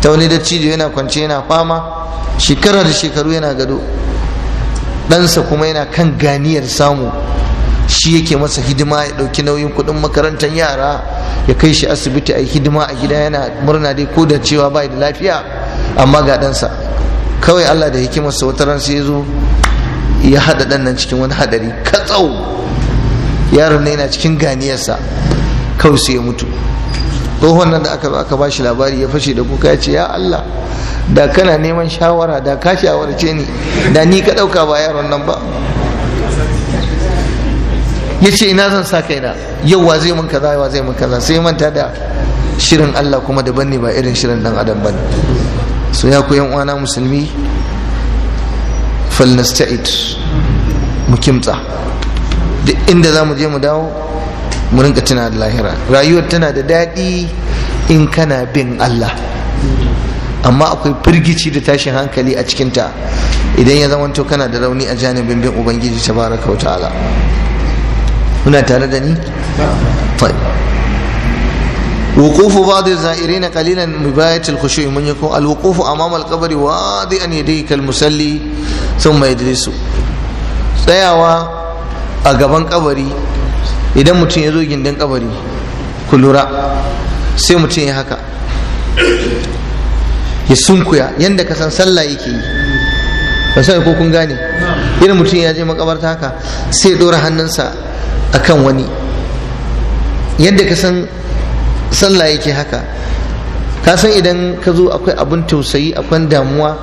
ta wani da yana kwance yana fama shekara da shekaru yana gado ɗansa kuma yana kan ganiyar samu shi yake masa hidima ya ɗauki nauyin kuɗin makarantar yara ya kai shi asibiti a hidima a gida yana murna dai ko da cewa bai da lafiya amma ga ɗansa kawai allah da hikimarsa wata ran sai ya zo ya haɗa ɗan nan cikin wani haɗari katsau yaron na yana cikin ganiyarsa kawai sai ya mutu tsohon nan da aka ba shi labari ya fashe da kuka ya ce ya allah da kana neman shawara da ka shawarce ni da ni ka ɗauka ba yaron nan ba ya ce ina zan sa kaina yau wa zai mun kaza wa zai mun kaza sai manta da shirin Allah kuma daban ne ba irin shirin dan adam bane so ya ku yan uwana musulmi falnasta'id mu kimtsa duk inda za mu je mu dawo mu rinka tuna da lahira rayuwar tana da daɗi in kana bin Allah amma akwai firgici da tashin hankali a cikinta idan ya zama to kana da rauni a janibin bin ubangiji Bara Kauta Ala, muna tare da ni Wukufu na وقوف بعض الزائرين قليلا بباية الخشوع من يكون الوقوف أمام القبر واضعا يديه كالمسلي ثم يدرس tsayawa a gaban kabari idan mutum ya zo gindin kabari ku lura sai mutum ya haka ya sunkuya yanda ka san sallah yake yi ba sai ko kun gane irin mutum ya je makabarta haka sai dora hannunsa akan wani yadda ka san sallah yake haka ka san idan ka zo akwai abin tausayi akwai damuwa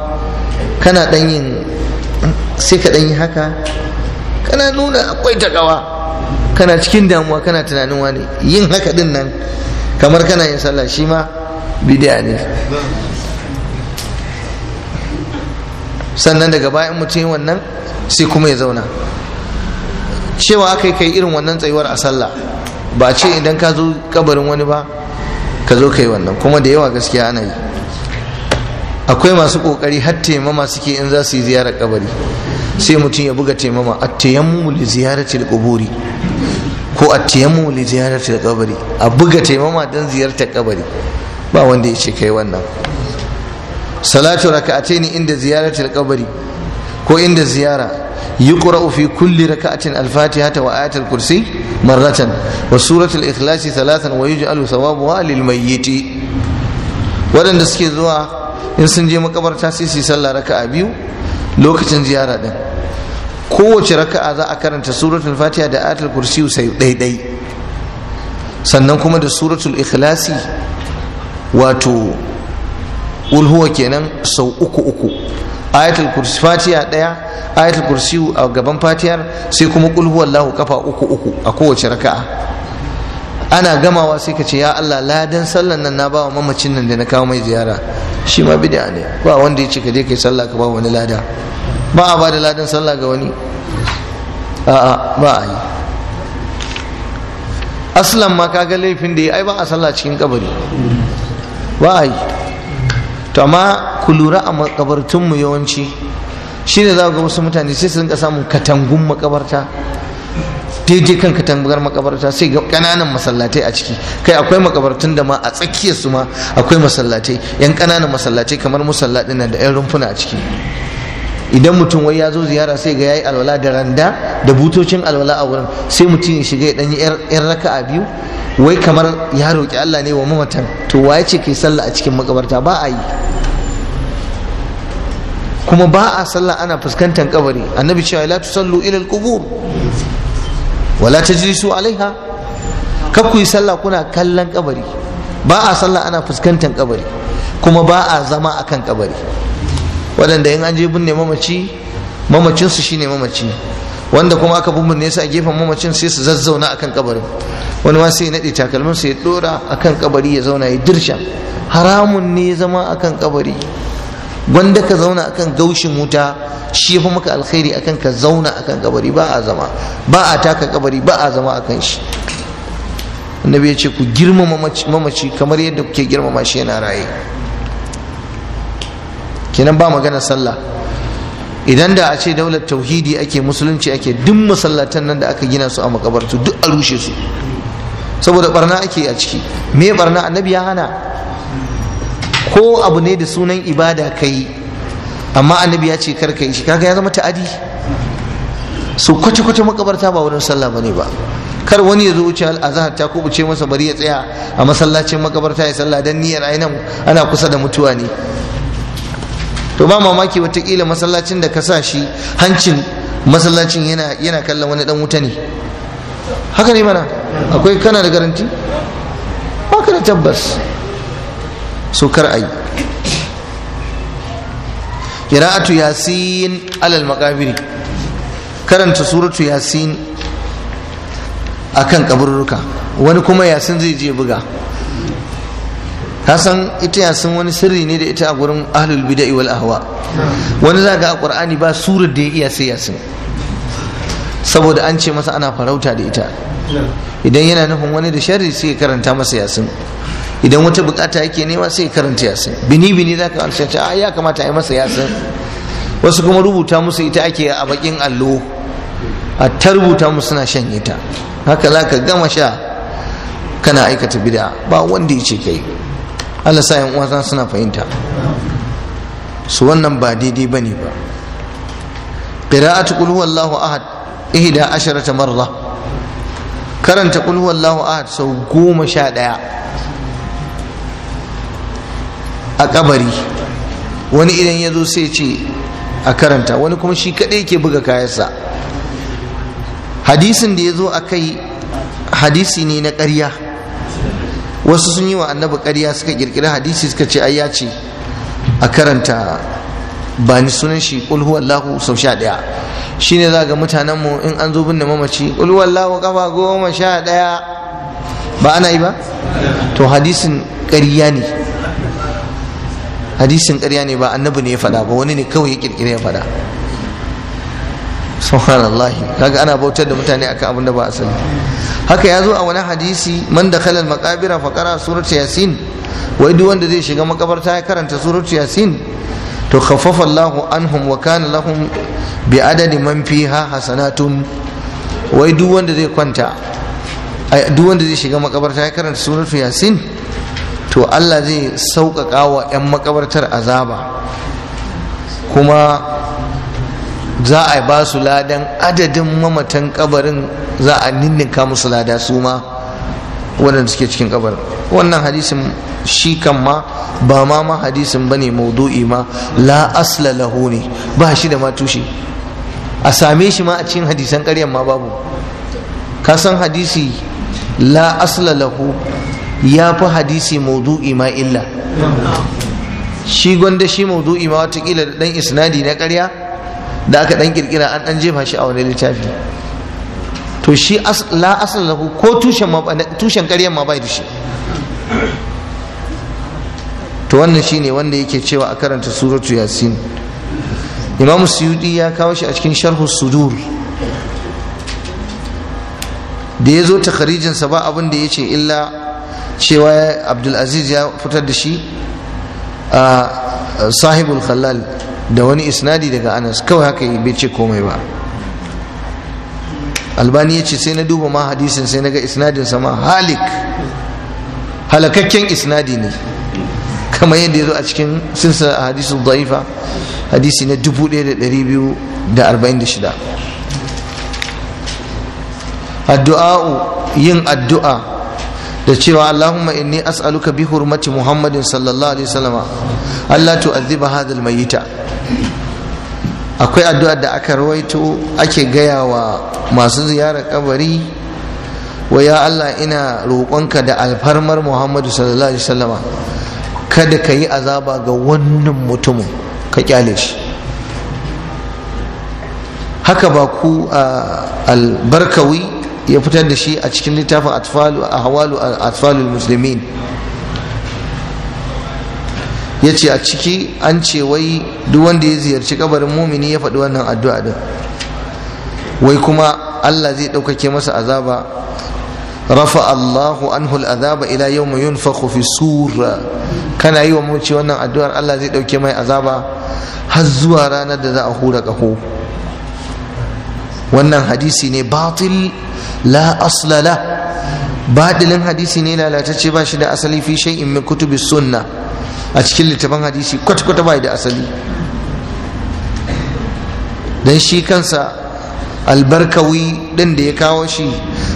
kana dan yin sai ka dan yi haka kana nuna akwai takawa kana cikin damuwa kana tunanin wani yin haka din nan kamar kana yin sallah shi ma bidiya ne sannan daga bayan mutum yi wannan sai kuma ya zauna cewa aka kai irin wannan tsayuwar a sallah ba ce idan ka zo kabarin wani ba ka zo ka yi wannan kuma da yawa gaskiya ana yi akwai masu kokari har taimama suke in za su yi ziyarar kabari sai mutum ya buga taimama a tayammu li ziyarar quburi ko a tayammu li ziyarar qabri a buga taimama don ziyartar kabari ba wanda ya ce kai wannan salatu raka'atayn inda ziyarati al ko inda ziyara yuqra'u fi kulli raka'atin al-fatiha wa ayatul kursi marratan wa suratul ikhlas thalathan wa yuj'alu thawabuha lil mayyit wadanda suke zuwa in sun je makabarta sai su sallah raka'a biyu lokacin ziyara din kowace raka'a za a karanta suratul fatiha da ayatul kursi sai daidai sannan kuma da suratul ikhlasi wato ulhuwa kenan sau uku uku ayatul kursi fatiha daya ayatul kursi a gaban fatihar sai kuma qul huwallahu kafa uku uku a kowace raka'a ana gamawa sai ka ce ya Allah ladan sallan nan na ba wa mamacin nan da na kawo mai ziyara shi ma bid'a ne ba wanda ya ce ka je kai sallah ka ba wani lada ba a ba da ladan sallah ga wani a'a ba a yi aslan ma kaga laifin da ya ai ba a sallah cikin kabari ba a yi to amma ku lura a makabartunmu yawanci shi ne za ga wasu mutane sai su rinka samun katangun makabarta daidai kan katangar makabarta sai ga kananan masallatai a ciki kai akwai makabartun da ma a tsakiyar ma akwai masallatai yan kananan masallatai kamar musalla nan da yan rumfuna a ciki idan mutum wai ya zo ziyara sai ga yayi alwala da randa da butocin alwala a wurin sai mutum ya shiga ya dan yan raka'a biyu wai kamar ya roki Allah ne wa mamatan to waye ce kai sallah a cikin makabarta ba a yi kuma ba a sallah ana fuskantar kabari annabi cewa la tusallu ila alqubur wala tajlisu alaiha kar ku yi sallah kuna kallon kabari ba a sallah ana fuskantar kabari kuma ba a zama akan kabari waɗanda in an je binne mamaci mamacinsu shine mamaci wanda kuma aka binne su a gefen mamacin sai su zazzauna akan kabarin wani ma sai naɗe takalmin sai ya ɗora akan kabari ya zauna ya dirsha haramun ne zama akan kabari Wanda ka zauna akan gaushin wuta shi ya fi maka alkhairi akan ka zauna akan kabari ba a zama ba a taka kabari ba a zama akan shi annabi ya ce ku girmama mamaci kamar yadda kuke girmama shi yana raye kenan ba magana sallah idan da a ce daular tauhidi ake musulunci ake duk masallatan nan da aka gina su a makabartu duk a rushe su saboda barna ake a ciki me barna annabi ya hana ko abu ne da sunan ibada kai amma annabi ya ce kar yi shi kaga ya zama ta'adi su kwace kwace makabarta ba wurin sallah bane ba kar wani ya zo wuce azhar ta kubuce masa bari ya tsaya a masallacin makabarta ya sallah dan niyyar ainihin ana kusa da mutuwa ne to ba mamaki watakila masallacin da ka sa shi hancin masallacin yana yana kallon wani dan wuta ne haka ne mana akwai kana da garanti ba ka da tabbas so kar ayi qira'atu yasin alal maqabir karanta suratu yasin akan kaburruka wani kuma yasin zai je buga ka san ita yasin wani sirri ne da ita a gurin ahlul bida'i wal ahwa wani za ga a qur'ani ba surar da ya iya sai yasin saboda an ce masa ana farauta da ita idan yana nufin wani da sharri sai karanta masa yasin idan wata bukata yake nema sai karanta yasin bini bini za ka ce a ah, ya kamata a yi masa yasin wasu kuma rubuta musu ita ake a bakin allo a ta rubuta musu suna shan ita. haka za ka gama sha kana aikata bida ba wanda ya ce kai Allah sa yan uwa suna fahimta su wannan ba daidai bane ba qira'atu qul huwallahu ahad ihda asharata marra karanta qul huwallahu ahad sau goma sha ɗaya a kabari wani idan ya zo sai ce a karanta wani kuma shi kaɗai ke buga kayansa hadisin da ya zo a kai hadisi ne na ƙarya wasu sun yi wa annabi ƙarya suka kirkiri hadisi suka ce ai ya ce a karanta ba ni sunan shi kulhu wallahu sau sha ɗaya shine za ga mutanen mu in an zo binne mamaci "Kulhu wallahu kafa goma sha ɗaya ba ana yi ba to hadisin ƙarya ne hadisin ƙarya ne ba annabi ne ya faɗa ba wani ne kawai ya kirkire ya faɗa subhanallahi kaga ana bautar da mutane akan abin da ba asali haka ya zo a wani hadisi man da khalal maqabira fa qara surat yasin wai duk wanda zai shiga makabarta ya karanta surat yasin to khaffafa Allahu anhum wa kana lahum bi adadi man fiha hasanatun wai duk wanda zai kwanta duk wanda zai shiga makabarta ya karanta surat yasin to Allah zai sauƙaƙa wa 'yan makabartar azaba kuma za a ba su ladan adadin mamatan kabarin za a ninninka musu lada su ma waɗanda suke cikin kabarin wannan hadisin shi kan ma ba ma ma hadisin ba ne maudu'i ma la asla lahu ne ba shi da ma tushe a same shi ma a cikin hadisan ƙaryan ma babu ka san hadisi la asla lahu ya fi hadisi maudu'i ma illa shi gwanda shi maudu'i ma watakila da ɗan isnadi na ƙarya da aka dan kirkira an dan jefa shi a wani littafi to shi la asal lahu ko tushen tushen ƙaryan ma bai da shi to wannan shine wanda yake cewa a karanta suratu yasin imam suyudi ya kawo shi a cikin sharhu sudur da ya zo takarijinsa ba abin da ya ce illa cewa abdulaziz ya fitar da shi a sahibul khallal da wani isnadi daga anas kawai haka yi bai ce komai ba albani ya ce sai na duba ma hadisin sai na ga isnadin sama halik halakakken isnadi ne kamar yadda ya zo a cikin sinsa a hadisun da'ifa hadisi na 1246 Addu'a'u yin addu'a da cewa Allahumma inni as'aluka bi hurmati Muhammadin sallallahu alaihi wasallam Allah tu'adhiba hadhal mayita akwai addu'a da aka rawaito ake gaya wa masu ziyarar kabari wa ya Allah ina roƙonka da alfarmar Muhammadu sallallahu alaihi wasallam kada ka yi azaba ga wannan mutumin ka kyale shi haka ba ku a albarkawi ya fitar da shi a cikin littafin atfalu ahwalu atfalul muslimin ya ce a ciki an ce wai duk wanda ya ziyarci kabarin mumini ya faɗi wannan addu'a din wai kuma Allah zai ɗaukake masa azaba rafa Allahu anhu azaba ila yawma yunfakhu fi sura kana yi wa mace wannan addu'ar Allah zai ɗauke mai azaba har zuwa ranar da za a hura ƙaho wannan hadisi ne batil la aslala batilin hadisi ne lalatacce ba shi da asali fi shai in kutubi sunna a cikin littafin hadisi kwata-kwata bai da asali dan shi kansa albarkawi din da ya kawo shi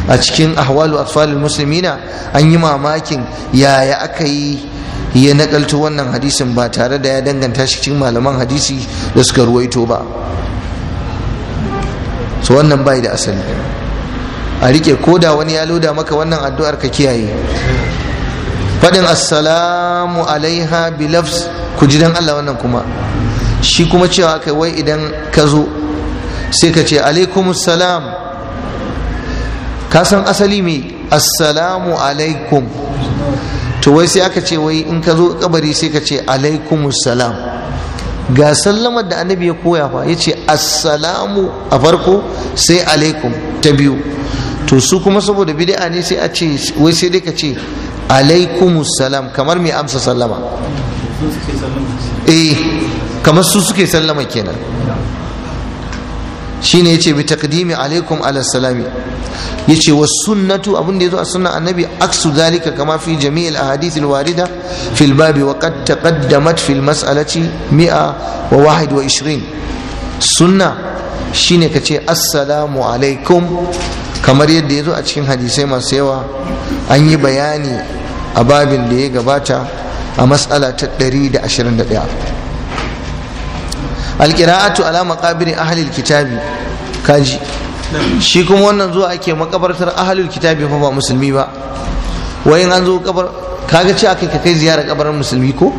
a cikin ahwalu atfalil muslimina an yi mamakin yaya aka yi ya nakalto wannan hadisin ba tare da ya danganta shi cikin malaman hadisi da suka ruwaito ba so wannan bai da asali a rike koda wani ya loda maka wannan addu'ar ka kiyaye faɗin assalamu alaiha bilafs ku ji dan Allah wannan kuma shi kuma cewa kai wai idan ka zo sai ka ce alaikumus salam ka san asali me assalamu alaikum to wai sai aka ce wai in ka zo kabari sai ka ce alaikumus salam ga sallamar da annabi ya koya fa ya ce assalamu a farko sai alaikum ta biyu to su kuma saboda bid'a ne sai a ce wai sai dai ka ce alaikum salam kamar mai amsa sallama eh kamar su suke sallama kenan shine yace bi taqdimi alaikum ala salami yace was sunnatu abun da yazo a sunnan annabi aksu zalika kama fi jami' al ahadith al warida fi al bab wa qad taqaddamat fi al mas'alati 121 sunna shine kace assalamu alaikum kamar yadda yazo a cikin hadisai masu yawa an yi bayani a babin da ya gabata a mas'ala ta 121 alqira'atu ala maqabiri ahlil alkitabi kaji shi kuma wannan zuwa ake makabartar ahlil kitabi fa ba musulmi ba wai an zo kabar kaga ce aka kai ziyara kabarin musulmi ko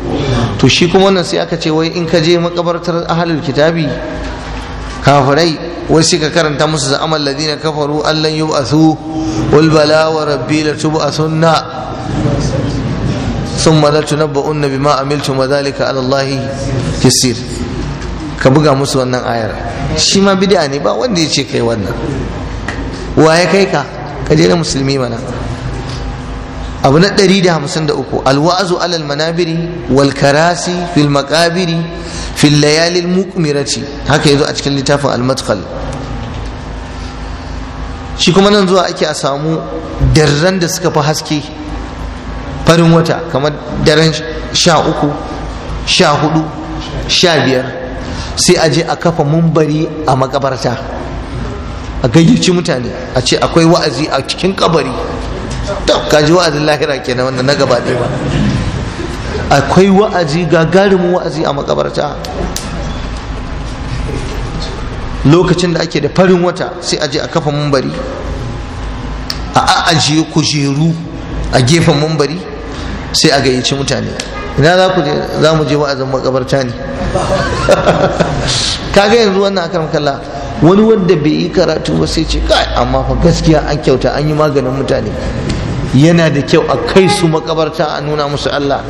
to shi kuma wannan sai aka ce wai in ka je makabartar ahlil kitabi kafirai wai sai ka karanta musu za amal ladina kafaru allan yub'athu wal bala wa rabbi la tub'athunna thumma la tunabba'unna bima amiltum wa dhalika ala allahi yasir ka buga musu wannan ayar shi ma bid'a ne ba wanda ya ce kai wannan Wa ya kai ka ka je musulmi mana abu na 153 alwa'azu alal manabiri wal karasi fil maqabiri fil layali al muqmirati haka yazo a cikin littafin al shi kuma nan zuwa ake a samu darren da suka fi haske farin wata kamar daren sha uku sha hudu sha biyar sai aje a kafa mumbari a makabarta a gayyaci mutane a ce akwai wa'azi a cikin kabari kaji wa'azin lahira kenan wannan na gaba ɗaya ba akwai wa'azi gagarumin wa'azi a makabarta lokacin da ake da farin wata sai aje a kafa mumbari a ajiye kujeru a gefen mumbari sai a gayyaci mutane ina za ku je za mu je wa'azin makabarta ne kaga yanzu wannan akan kalla wani wanda bai yi karatu ba sai ce kai amma fa gaskiya an kyauta an yi maganin mutane yana da kyau a kai su makabarta a nuna musu Allah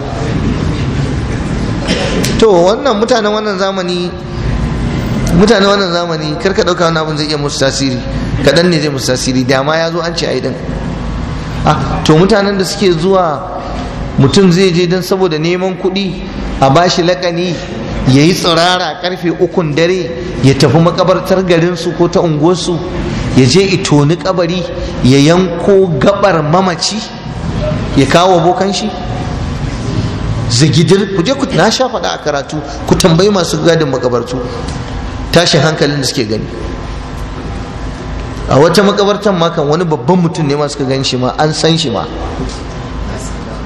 to wannan mutanen wannan zamani mutanen wannan zamani kar ka dauka wani abin zai iya musu tasiri kaɗan ne zai musu tasiri da ma ya zo an ce ai din ah to mutanen da suke zuwa mutum zai je don saboda neman kuɗi a bashi laƙani ya yi tsirara karfe ukun dare ya tafi makabartar garinsu ko ta unguwarsu ya je itoni kabari ya yanko gabar mamaci ya kawo bokan shi zigidir ku je ku na sha faɗa a karatu ku tambayi masu gadin makabartu tashin hankalin da suke gani a wata makabartan ma wani babban mutum ne masu gan shi ma an san shi ma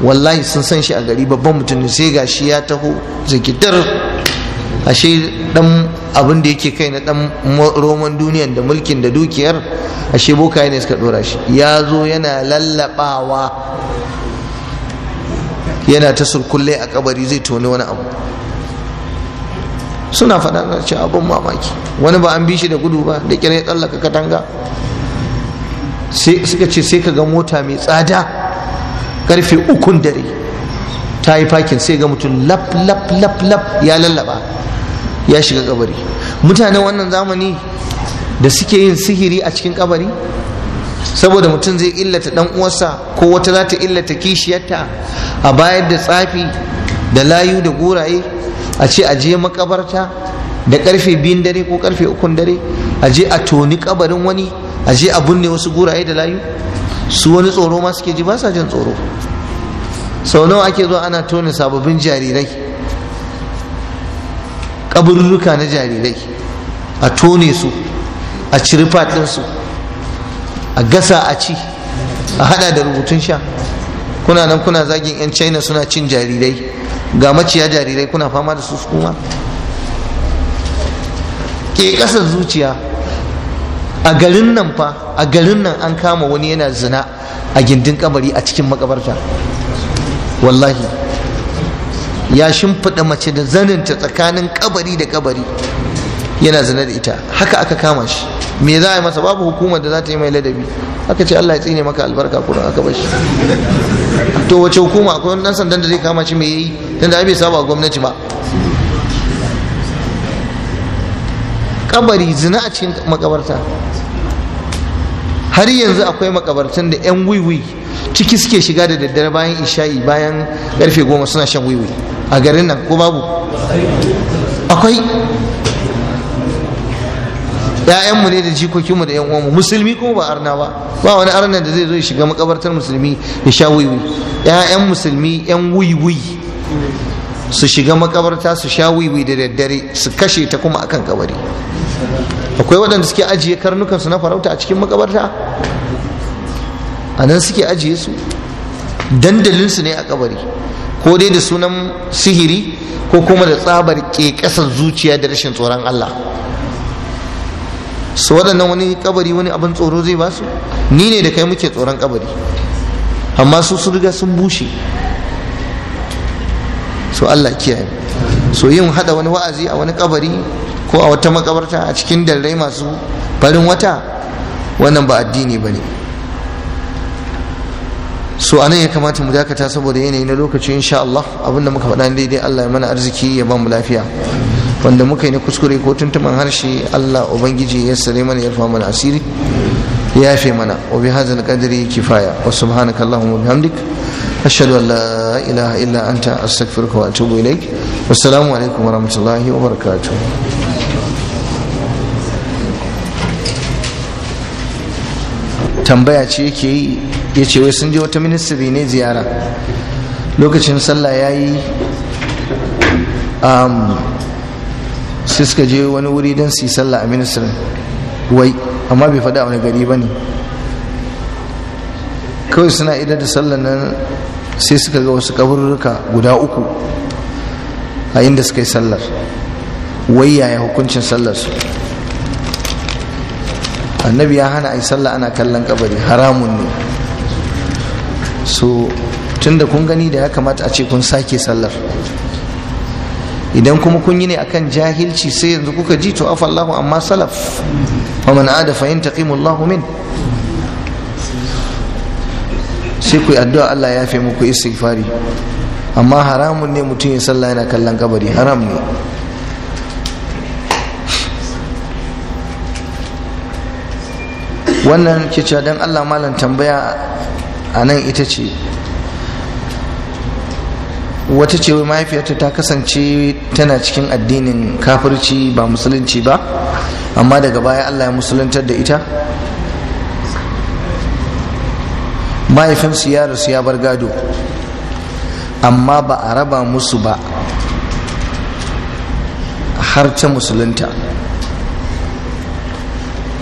wallahi sun san shi a gari babban mutum ne sai shi ya taho zigidir ashe dan abin da yake kai na dan roman duniyan da mulkin da dukiyar ashe boka ne suka dora shi ya zo yana lallabawa yana ta sulkulle a kabari zai toni wani abu suna faɗa na ce abin mamaki wani ba an bi shi da gudu ba da kira ya tsallaka katanga suka ce sai ka ga mota mai tsada karfe ukun dare ta yi fakin sai ga mutum lap lap lap lap ya lallaba ya shiga kabari mutane wannan zamani da suke yin sihiri a cikin kabari saboda mutum zai illata dan uwarsa ko wata za ta illata kishiyarta a bayar da tsafi da layu da guraye a ce a je makabarta da karfe biyun dare ko karfe ukun dare a je a toni kabarin wani a je a binne wasu guraye da layu su wani tsoro ma suke ji ba sa jin tsoro sau nawa ake zuwa ana tona sababbin jarirai kaburruka na jarirai a tone su a ciri fatinsu a gasa a ci a hada da rubutun sha kuna nan kuna zagin 'yan china suna cin jarirai ga maciya jarirai kuna fama da su kuma ke kasar zuciya a garin nan fa a garin nan an kama wani yana zina a gindin kabari a cikin makabarta wallahi ya shimfiɗa mace da zaninta tsakanin kabari da kabari yana zina da ita haka aka kama shi me za a yi masa babu hukumar da za ta yi mai ladabi aka ce Allah ya tsine maka albarka kuma aka bar shi to wace hukuma akwai wani dan sandan da zai kama shi me yayi dan da bai saba gwamnati ba kabari zina a cikin makabarta har yanzu akwai makabartan da yan wiwi ciki suke shiga da daddare bayan isha'i bayan karfe goma suna shan wiwi a garin nan ko babu akwai ‘ya'yanmu ne da jikokinmu da uwanmu musulmi ko ba arna ba ba wani arna da zai zo ya shiga makabartar musulmi ya sha wiwi ‘ya'yan musulmi ‘yan wiwi su shiga makabarta su sha wiwi da daddare su kashe ta kuma akan kabari akwai waɗanda suke ajiye karnukansu na farauta a cikin makabarta a nan suke ajiye su dandalinsu ne a kabari ko dai da sunan sihiri ko kuma da tsabar ƙeƙasar zuciya da rashin tsoron Allah su waɗannan wani kabari wani abin tsoro zai ba su ni ne da kai muke tsoron kabari amma su sun riga sun bushe so Allah kiyaye so yin hada wani wa'azi a wani kabari ko a wata makabarta a cikin dalrai masu farin wata wannan ba addini ba ne so anan ya kamata mu dakata saboda yanayi na lokaci insha Allah abinda muka faɗa daidai Allah ya mana arziki ya ba mu lafiya wanda muka yi na kuskure ko tuntuman harshe Allah ubangiji ya sare mana ya mana asiri ya yafe mana wa bi hadzal qadri kifaya wa subhanaka allahumma bihamdik ashhadu an la ilaha illa anta astaghfiruka wa atubu ilaik wassalamu alaikum wa rahmatullahi wa barakatuh tambaya ce yake yi ya ce wai sun je wata ministry ne ziyara lokacin sallah ya yi um, sai suka je wani wuri don su yi sallah a ministry wai amma bai faɗa wani gari ba ne kawai suna idar da sallah nan sai suka ga wasu kaburruka guda uku a inda suka yi sallar wai yaya hukuncin sallar su annabi ya hana a yi sallah ana kallon kabari haramun ne so da kun gani da ya kamata a ce kun sake sallar idan kuma kun yi ne akan jahilci sai yanzu kuka ji to afa Allahu amma salaf wa man ada fa yantaqimu Allahu min sai ku addu'a Allah ya fi muku istighfari amma haramun ne mutum ya sallah yana kallon kabari haram ne wannan ke don Allah malam tambaya a nan ita ce wata ce mahaifiyarta ta kasance tana cikin addinin kafirci ba musulunci ba amma daga baya allah ya musuluntar da ita mahaifinsu ya rasu ya bar gado amma ba a raba musu ba har ta musulunta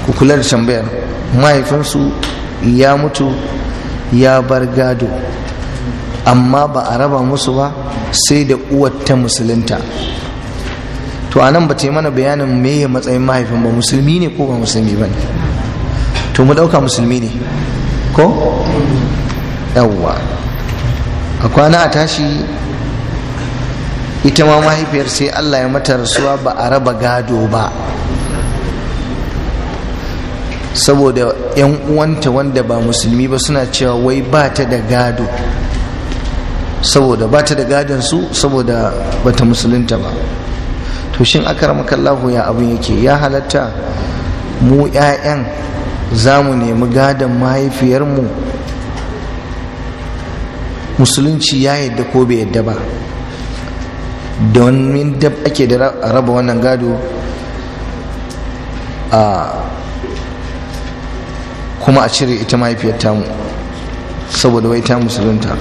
ku kula da tambayar mahaifinsu ya mutu ya bar gado amma ba a raba musu ba sai da uwar ta musulunta to a nan ba ta yi mana bayanin meye matsayin mahaifin ba musulmi ne ko ba musulmi ba ne to mu ɗauka musulmi ne ko yawwa a kwana a tashi ita ma mahaifiyar sai allah ya mata rasuwa ba a raba gado ba saboda yan uwanta wanda ba musulmi ba suna cewa wai ba ta da gado saboda ba ta da gadon su saboda bata musulunta ba to shin aka akaramakallahu ya abin yake ya halatta mu 'ya'yan za mu nemi gadon mahaifiyarmu musulunci ya yadda ko bai yadda ba domin dab ake da raba wannan gado a kuma a cire ita mahaifiyar tamu saboda wai ta musulunta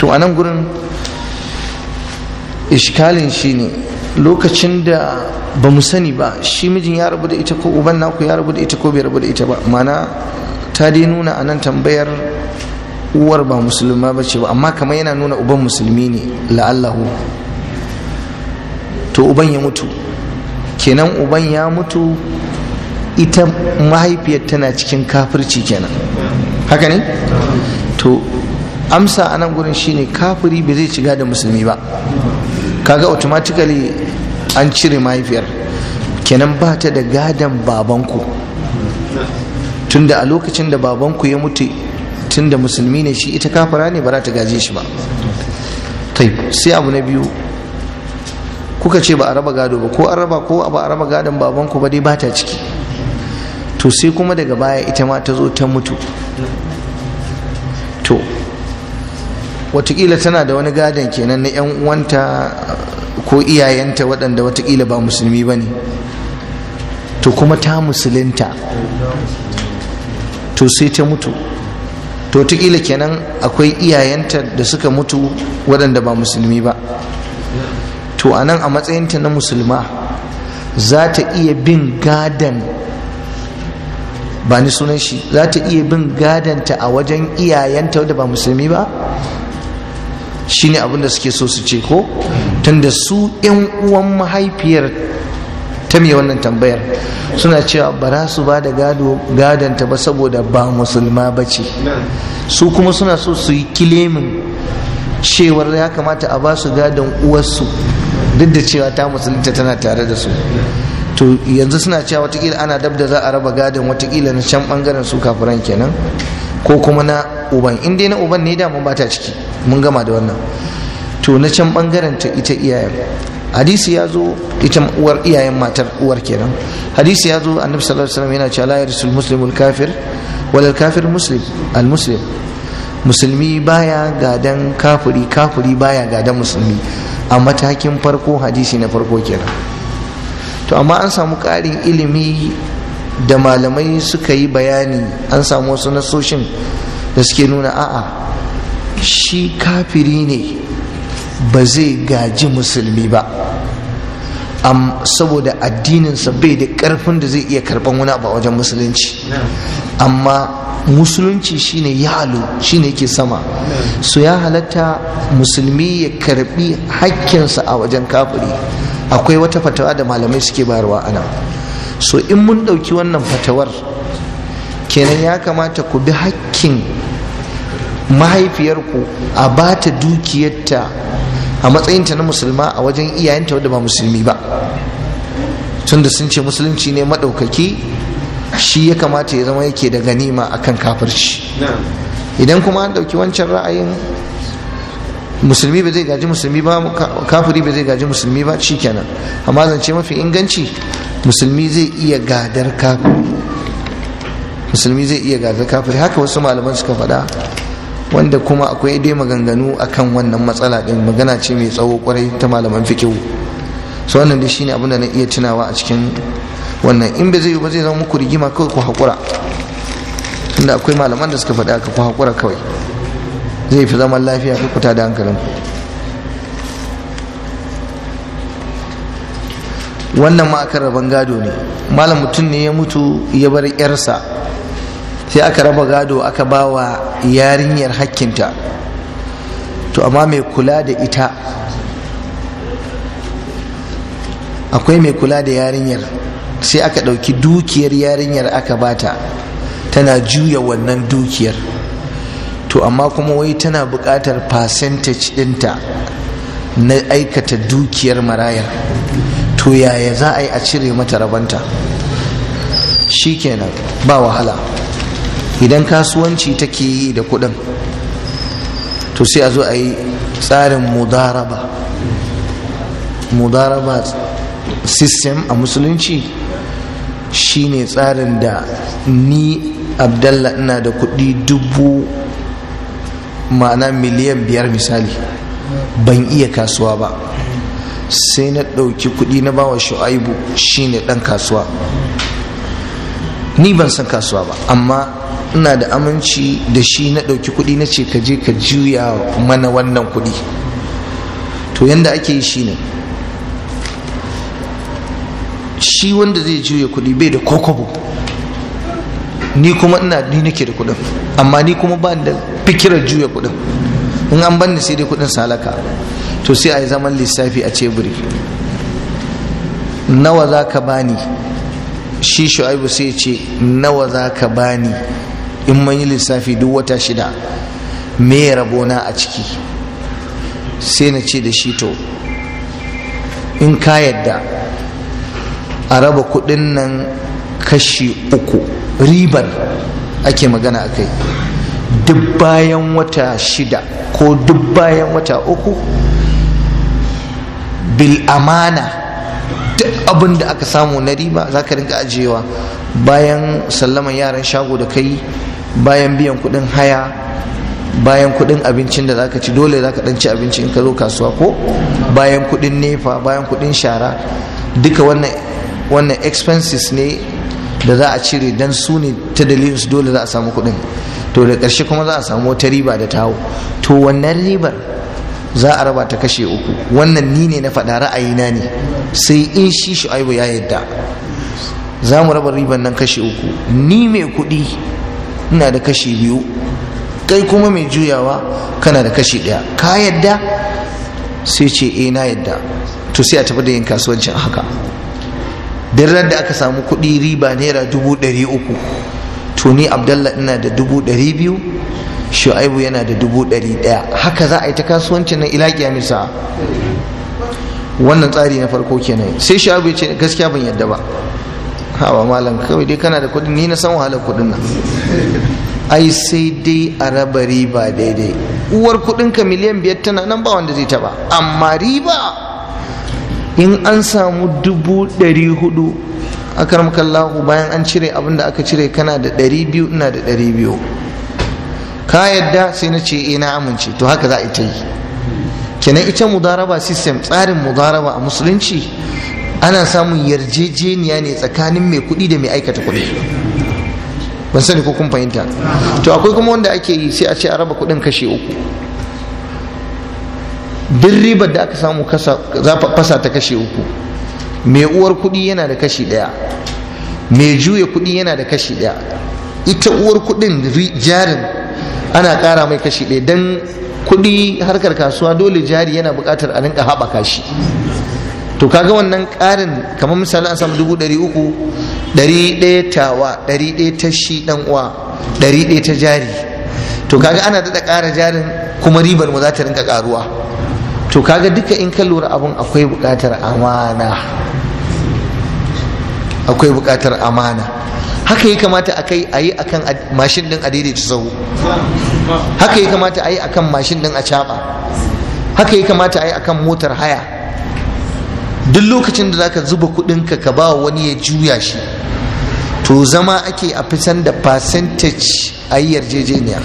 to a nan gurin ishkalin shi ne lokacin da ba mu sani ba shi mijin ya rabu da ita ko uban naku ya rabu da ita ko bai rabu da ita ba mana ta dai nuna a nan tambayar uwar ba musulma ba ce ba amma kamar yana nuna uban musulmi ne la'allahu to uban ya mutu kenan uban ya mutu ita mahaifiyar tana cikin kafirci kenan haka ne to amsa a nan gurin shine kafiri ba zai shiga da musulmi ba kaga automatically an cire mahaifiyar kenan ba ta da gadon babanku tunda a lokacin da babanku ya mutu tunda musulmi ne shi ita kafira ne ba za ta gaje shi ba sai abu na biyu kuka ce ba a raba gado ba ko an raba ko ba a raba gadon babanku ba dai ba ta ciki to sai kuma daga baya ita ma ta zo ta mutu to watakila tana da wani gadon kenan na 'yan uwanta ko iyayenta waɗanda watakila ba musulmi ba ne to kuma ta musulinta to sai ta mutu to watakila kenan akwai iyayenta da suka mutu waɗanda ba musulmi ba to anan a matsayinta na musulma za ta iya bin gadon ba ni sunan shi za ta iya bin gadanta a wajen iyayenta da ba musulmi ba shine abin da suke so su ce ko tunda su yan uwan mahaifiyar ta mai wannan tambayar suna cewa ba za su ba da gado gadanta ba saboda ba musulma bace. su kuma suna so su yi kilemin cewar ya kamata a ba su gadon uwarsu duk da cewa ta musulunta tana tare da su to yanzu suna cewa watakila ana dab da za a raba gadon watakila na can bangaren su kafiran kenan ko kuma na uban in dai na uban ne dama ba ta ciki mun gama da wannan to na can bangaren ta ita iyayen hadisi ya zo ita uwar iyayen matar uwar kenan hadisi ya zo annabi sallallahu alaihi wasallam yana cewa la yarsul muslimul kafir wal kafir muslim al muslim musulmi baya gadan kafiri kafiri baya gadan musulmi a matakin farko hadisi na farko kenan to amma an samu ƙarin ilimi da malamai suka yi bayani an samu wasu nasoshin da suke nuna a'a shi kafiri ne ba zai gaji musulmi ba saboda addininsa bai da karfin da zai iya karban wani abu a wajen musulunci amma musulunci shine yalo shine yake sama su ya halatta musulmi ya karbi hakkinsa a wajen kafiri akwai wata fatawa da malamai suke bayarwa ana so in mun ɗauki wannan fatawar kenan ya kamata ku bi hakkin mahaifiyarku a bata dukiyarta a matsayin ta na musulma a wajen iyayenta wadda ba musulmi ba tunda sun ce musulunci ne maɗaukaki shi ya kamata ya zama yake da ganima akan kafirci idan kuma an ɗauki wancan ra'ayin musulmi ba zai gaji musulmi ba kafiri ba zai gaji musulmi ba shi kenan amma zance mafi inganci musulmi zai iya gadar kafiri musulmi zai iya gadar kafiri haka wasu malaman suka faɗa wanda kuma akwai dai maganganu akan wannan matsala din magana ce mai tsawo kwarai ta malaman fikihu so wannan dai shine abin da na iya tunawa a cikin wannan in bai zai ba zai zama muku rigima kawai ku haƙura tunda akwai malaman da suka faɗi aka ku haƙura kawai zai fi zaman lafiya ka kuta da hankalin wannan ma akan rabon gado ne malam mutum ne ya mutu ya bar yarsa sai aka raba gado aka ba wa yarinyar hakkinta to amma mai kula da ita akwai mai kula da yarinyar sai aka ɗauki dukiyar yarinyar aka bata tana juya wannan dukiyar to amma kuma wai tana buƙatar percentage ɗinta na aikata dukiyar marayar to yaya za a yi a cire mata rabanta kenan ba wahala idan kasuwanci take yi da kuɗin to sai a zo a yi tsarin mudaraba mudaraba system a musulunci shine tsarin da ni abdallah ina da kudi dubu ma'ana miliyan biyar misali ban iya kasuwa ba sai na ɗauki kuɗi na bawa shu'aibu shine ɗan kasuwa ni ban san kasuwa ba amma ina da aminci da shi na ɗauki kuɗi na ce ka je ka juya mana wannan kuɗi to yanda ake yi shine shi wanda zai juya kuɗi bai da kokobo ni kuma ina ni nake da kuɗin amma ni kuma ba da fikirar juya kuɗin in an ban da sai dai kuɗin salaka to sai a yi zaman lissafi a ceburi nawa za ka bani shi shu'aibu sai ce nawa za ka bani in mun yi lissafi duk wata shida me na a ciki sai na ce da shi to in ka yadda a raba kudin nan kashi uku ribar ake magana a kai duk bayan wata shida ko duk bayan wata uku bil amana duk abin da aka samu na riba za ka rinka ajiyewa bayan sallaman yaran shago da kai bayan biyan kuɗin haya bayan kuɗin abincin da zaka ci dole zaka ɗan ci abinci in ka zo kasuwa ko bayan kuɗin nefa bayan kuɗin shara duka wannan wannan expenses ne da za a cire dan su ne ta dalilin su dole za a samu kuɗin to da karshe kuma za a samu wata riba da tawo to wannan ribar za a raba ta kashe uku wannan ni ne na faɗa ra'ayina ne sai in shi shu'aibu ya yadda za mu raba riban nan kashe uku ni mai kuɗi ina da kashe biyu kai kuma mai juyawa kana da kashe ɗaya ka yadda sai ce eh na yadda to sai a tafi da yin kasuwancin haka duk da aka samu kuɗi riba naira dubu ɗari uku to ni abdallah ina da dubu ɗari biyu shu'aibu yana da dubu ɗari ɗaya haka za a yi ta kasuwancin nan ila kiyamisa wannan tsari na farko kenan sai shu'aibu ya ce gaskiya ban yadda ba hawa malam kawai dai kana da kuɗin ni na san wahalar kuɗin nan ai sai dai a raba riba daidai uwar kuɗinka miliyan biyar tana nan ba wanda zai taba amma riba in an samu dubu ɗari hudu a karmakallahu bayan an cire abin da aka cire kana da ɗari biyu ina da ɗari biyu ka yadda sai na ce eh na amince to haka za a ita yi kenan ita mudaraba system tsarin mudaraba a musulunci ana samun yarjejeniya ne tsakanin mai kuɗi da mai aikata kuɗi ban sani ko kun fahimta to akwai kuma wanda ake yi sai a ce a raba kuɗin kashe uku duk ribar da aka samu fasa ta kashe uku mai uwar kuɗi yana da kashi ɗaya mai juya kuɗi yana da kashi ɗaya ita uwar kuɗin jarin ana kara mai kashi ɗaya don kuɗi harkar kasuwa dole jari yana buƙatar a rinka haɓaka shi to kaga wannan ƙarin kamar misali an samu dubu ɗari uku ɗari ɗaya tawa ɗari ɗaya ta shi ɗan uwa ɗari ɗaya ta jari to kaga ana daɗa ƙara jarin kuma ribar mu za ta rinka ƙaruwa to kaga duka in ka lura abun akwai buƙatar amana akwai buƙatar amana haka ya kamata a kai a yi a kan mashin ɗin a daidaita sahu haka ya kamata a yi a kan mashin ɗin a caɓa haka ya kamata a yi a kan motar haya duk lokacin da zaka zuba kuɗinka ka ba wani ya juya shi to zama ake a fitan da percentage a yi yarjejeniya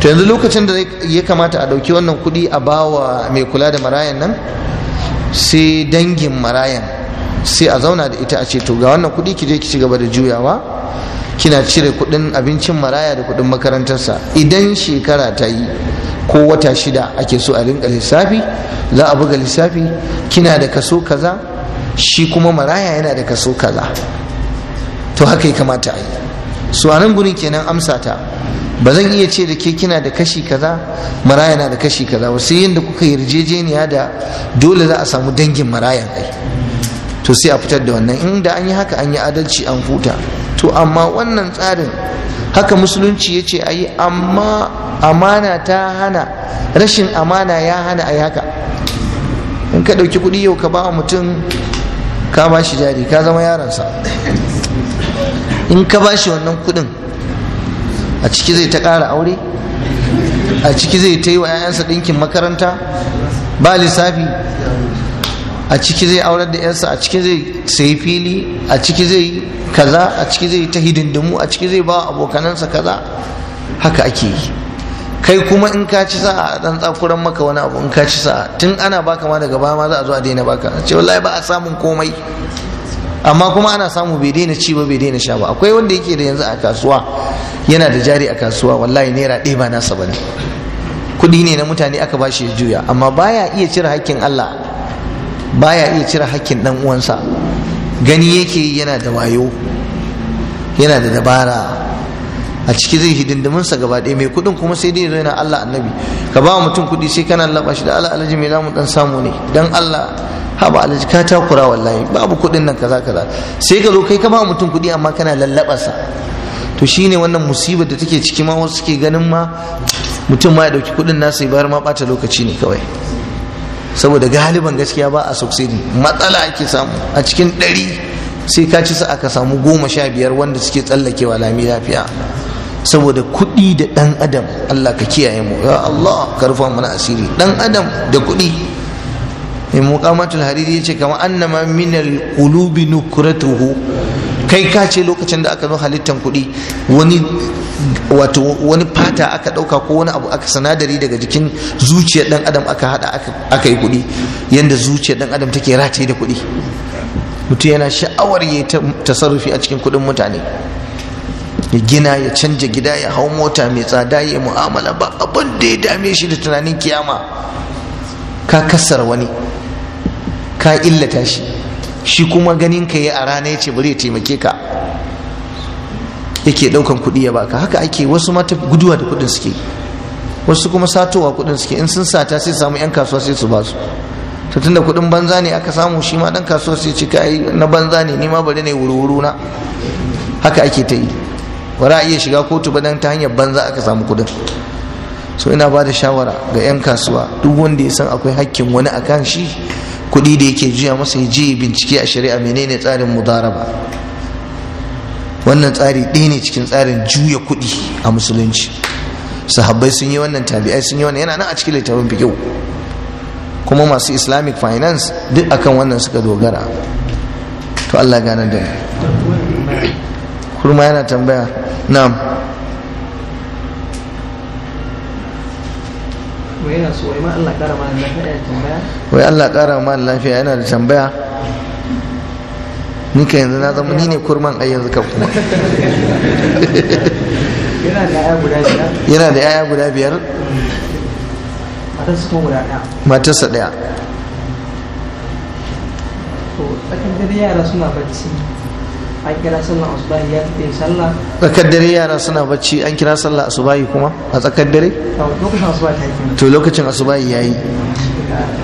to yanzu lokacin da ya kamata a ɗauki wannan kuɗi a bawa mai kula da marayan nan sai dangin marayan sai a zauna da ita a ce to ga wannan kuɗi ki je ki ci gaba da juyawa kina cire kuɗin abincin maraya da kuɗin makarantarsa idan shekara ta yi ko wata shida ake so a rinka lissafi za a buga lissafi kina da kaso kaza shi kuma maraya yana da kaso kaza to haka ya kamata a yi su a nan gurin kenan amsa ta ba zan iya ce da ke kina da kashi kaza maraya na da kashi kaza ba sai yadda kuka yarjejeniya da dole za a samu dangin marayan ai to sai a fitar da wannan inda an yi haka an yi adalci an huta to amma wannan tsarin haka musulunci ya ce ayi yi amma amana ta hana rashin amana ya hana a haka in ka ɗauki kuɗi yau ka ba wa mutum ka ba shi jari ka zama yaransa in ka ba shi wannan kuɗin a ciki zai ta ƙara aure a ciki zai ta yi wa 'ya'yansa ɗinkin makaranta ba lissafi a ciki zai aurar da yansa a ciki zai sayi fili a ciki zai kaza a ciki zai ta hidindimu a ciki zai ba abokanansa kaza haka ake yi kai kuma in ka ci sa'a a dan tsakuran maka wani abu in ka ci sa'a tun ana baka ma daga baya ma za a zo a daina baka A ce wallahi ba a samun komai amma kuma ana samu bai daina ci ba bai daina sha ba akwai wanda yake da yanzu a kasuwa yana da jari a kasuwa wallahi naira ɗaya ba nasa bane kuɗi ne na mutane aka bashi ya juya amma baya iya cire hakkin Allah baya iya cire hakkin dan uwansa gani yake yana da wayo yana da dabara a ciki zai hidindimin sa gaba ɗaya mai kuɗin kuma sai dai yana Allah annabi ka ba mutum kuɗi sai kana laba shi da Allah alaji mai zamu dan samu ne dan Allah haba alaji ka takura wallahi babu kuɗin nan kaza kaza sai ka zo kai ka ba mutum kuɗi amma kana lallaba sa to shine wannan musibar da take ciki ma wasu suke ganin ma mutum ma ya ɗauki kuɗin nasa ya bayar ma bata lokaci ne kawai saboda galiban gaskiya ba a subsidi matsala ake samu a cikin ɗari sai ka ci aka samu goma sha biyar wanda suke tsallakewa lami lafiya saboda kuɗi da ɗan adam Allah ka kiyaye mu ya Allah ka rufa mana asiri ɗan adam da kuɗi in muqamatul hariri yace kama annama minal qulubi nukratuhu kai ka ce lokacin da aka zo halittan kuɗi wani hanta aka dauka ko wani abu aka sanadari daga jikin zuciyar dan adam aka hada aka yi kuɗi yanda zuciyar dan adam take rataye da kuɗi mutum yana sha'awar ya tasarrufi a cikin kuɗin mutane ya gina ya canja gida ya hau mota mai tsada ya mu'amala ba abin da ya dame shi da tunanin kiyama ka kassara wani ka illata shi shi kuma ganin ka yi a rana ya ce bari ya taimake ka yake daukan kuɗi ya baka haka ake wasu mata guduwa da kuɗin suke wasu kuma satowa kuɗin suke in sun sata sai samu yan kasuwa sai su basu to tunda kuɗin banza ne aka samu shi ma dan kasuwa sai ci kai na banza ne ni ma bari ne wuri na haka ake ta yi ba za a iya shiga kotu ba dan ta hanyar banza aka samu kuɗin so ina ba da shawara ga 'yan kasuwa duk wanda ya san akwai hakkin wani akan shi kuɗi da yake juya masa ya je bincike a shari'a menene tsarin mudaraba wannan tsari ɗaya ne cikin tsarin juya kuɗi a musulunci sahabbai sun yi wannan tabi'ai sun yi wannan yana nan a cikin littafin fikihu kuma masu islamic finance duk akan wannan suka dogara to Allah gane da kurma yana tambaya na'am wai Allah ƙara ma lafiya yana da tambaya ni ka yanzu na zama ni ne kurman a yanzu kan kuma yana da yaya guda biyar matarsa daya tsakar yara suna bacci an kira sallah asubahi ya tafi sallah tsakar dare yara suna bacci an kira sallah asubahi kuma a tsakar dare to lokacin asubahi yi.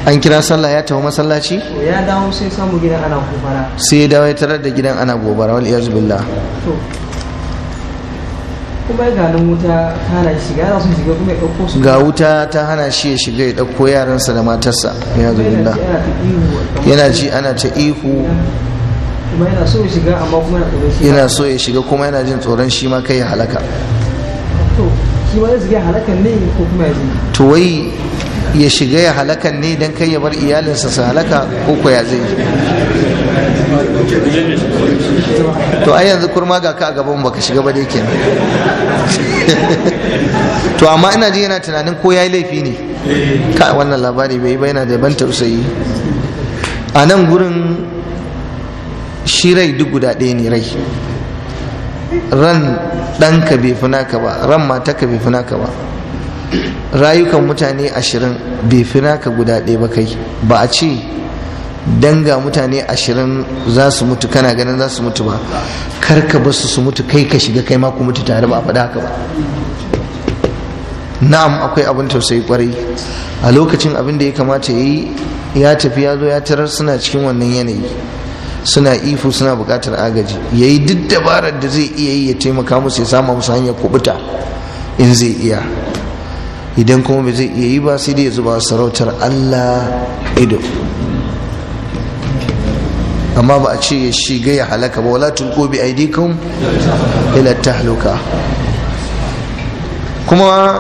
an kira sallah ya tafi masallaci ya dawo sai samu gidan ana gobara sai ya dawo ya tarar da gidan ana gobara wal iyaz billah to kuma ga nan wuta ta hana shi shiga sun shiga kuma ya dauko su ga wuta ta hana shi ya shiga ya dauko yaransa da matarsa ya zo billah yana ji ana ta ihu kuma yana so ya shiga amma kuma yana tsoron shi yana so ya shiga kuma yana jin tsoron shi ma kai ya halaka to shi ma zai halakan ne ko kuma ya zai to wai ya shiga ya halakan ne don kai ya bar iyalinsa su halaka ko ko ya zai to ai yanzu kurma ga ka a gaban baka shiga ba dai kenan to amma ina ji yana tunanin ko ya yi laifi ne ka wannan labari bai ba yana da ban tausayi a nan gurin shi duk guda ɗaya ne rai ran ɗanka bai fi naka ba ran mata ka bai fi naka ba rayukan mutane ashirin bai fi naka guda ɗaya ba kai ba a ce danga mutane ashirin za su mutu kana ganin za su mutu ba kar ka basu su mutu kai ka shiga kai ma ku mutu tare ba a faɗa haka ba na'am akwai abin tausayi kwarai a lokacin abin da ya kamata ya yi ya tafi ya zo ya tarar suna cikin wannan yanayi suna ifu suna buƙatar agaji ya yi duk dabarar da zai iya yi ya taimaka musu ya sama musu hanyar kubuta in zai iya idan kuma bai zai iya yi ba sai dai ya zuba sarautar Allah ido amma ba a ce ya shiga ya halaka ba wala tulqu bi aydikum ila tahluka kuma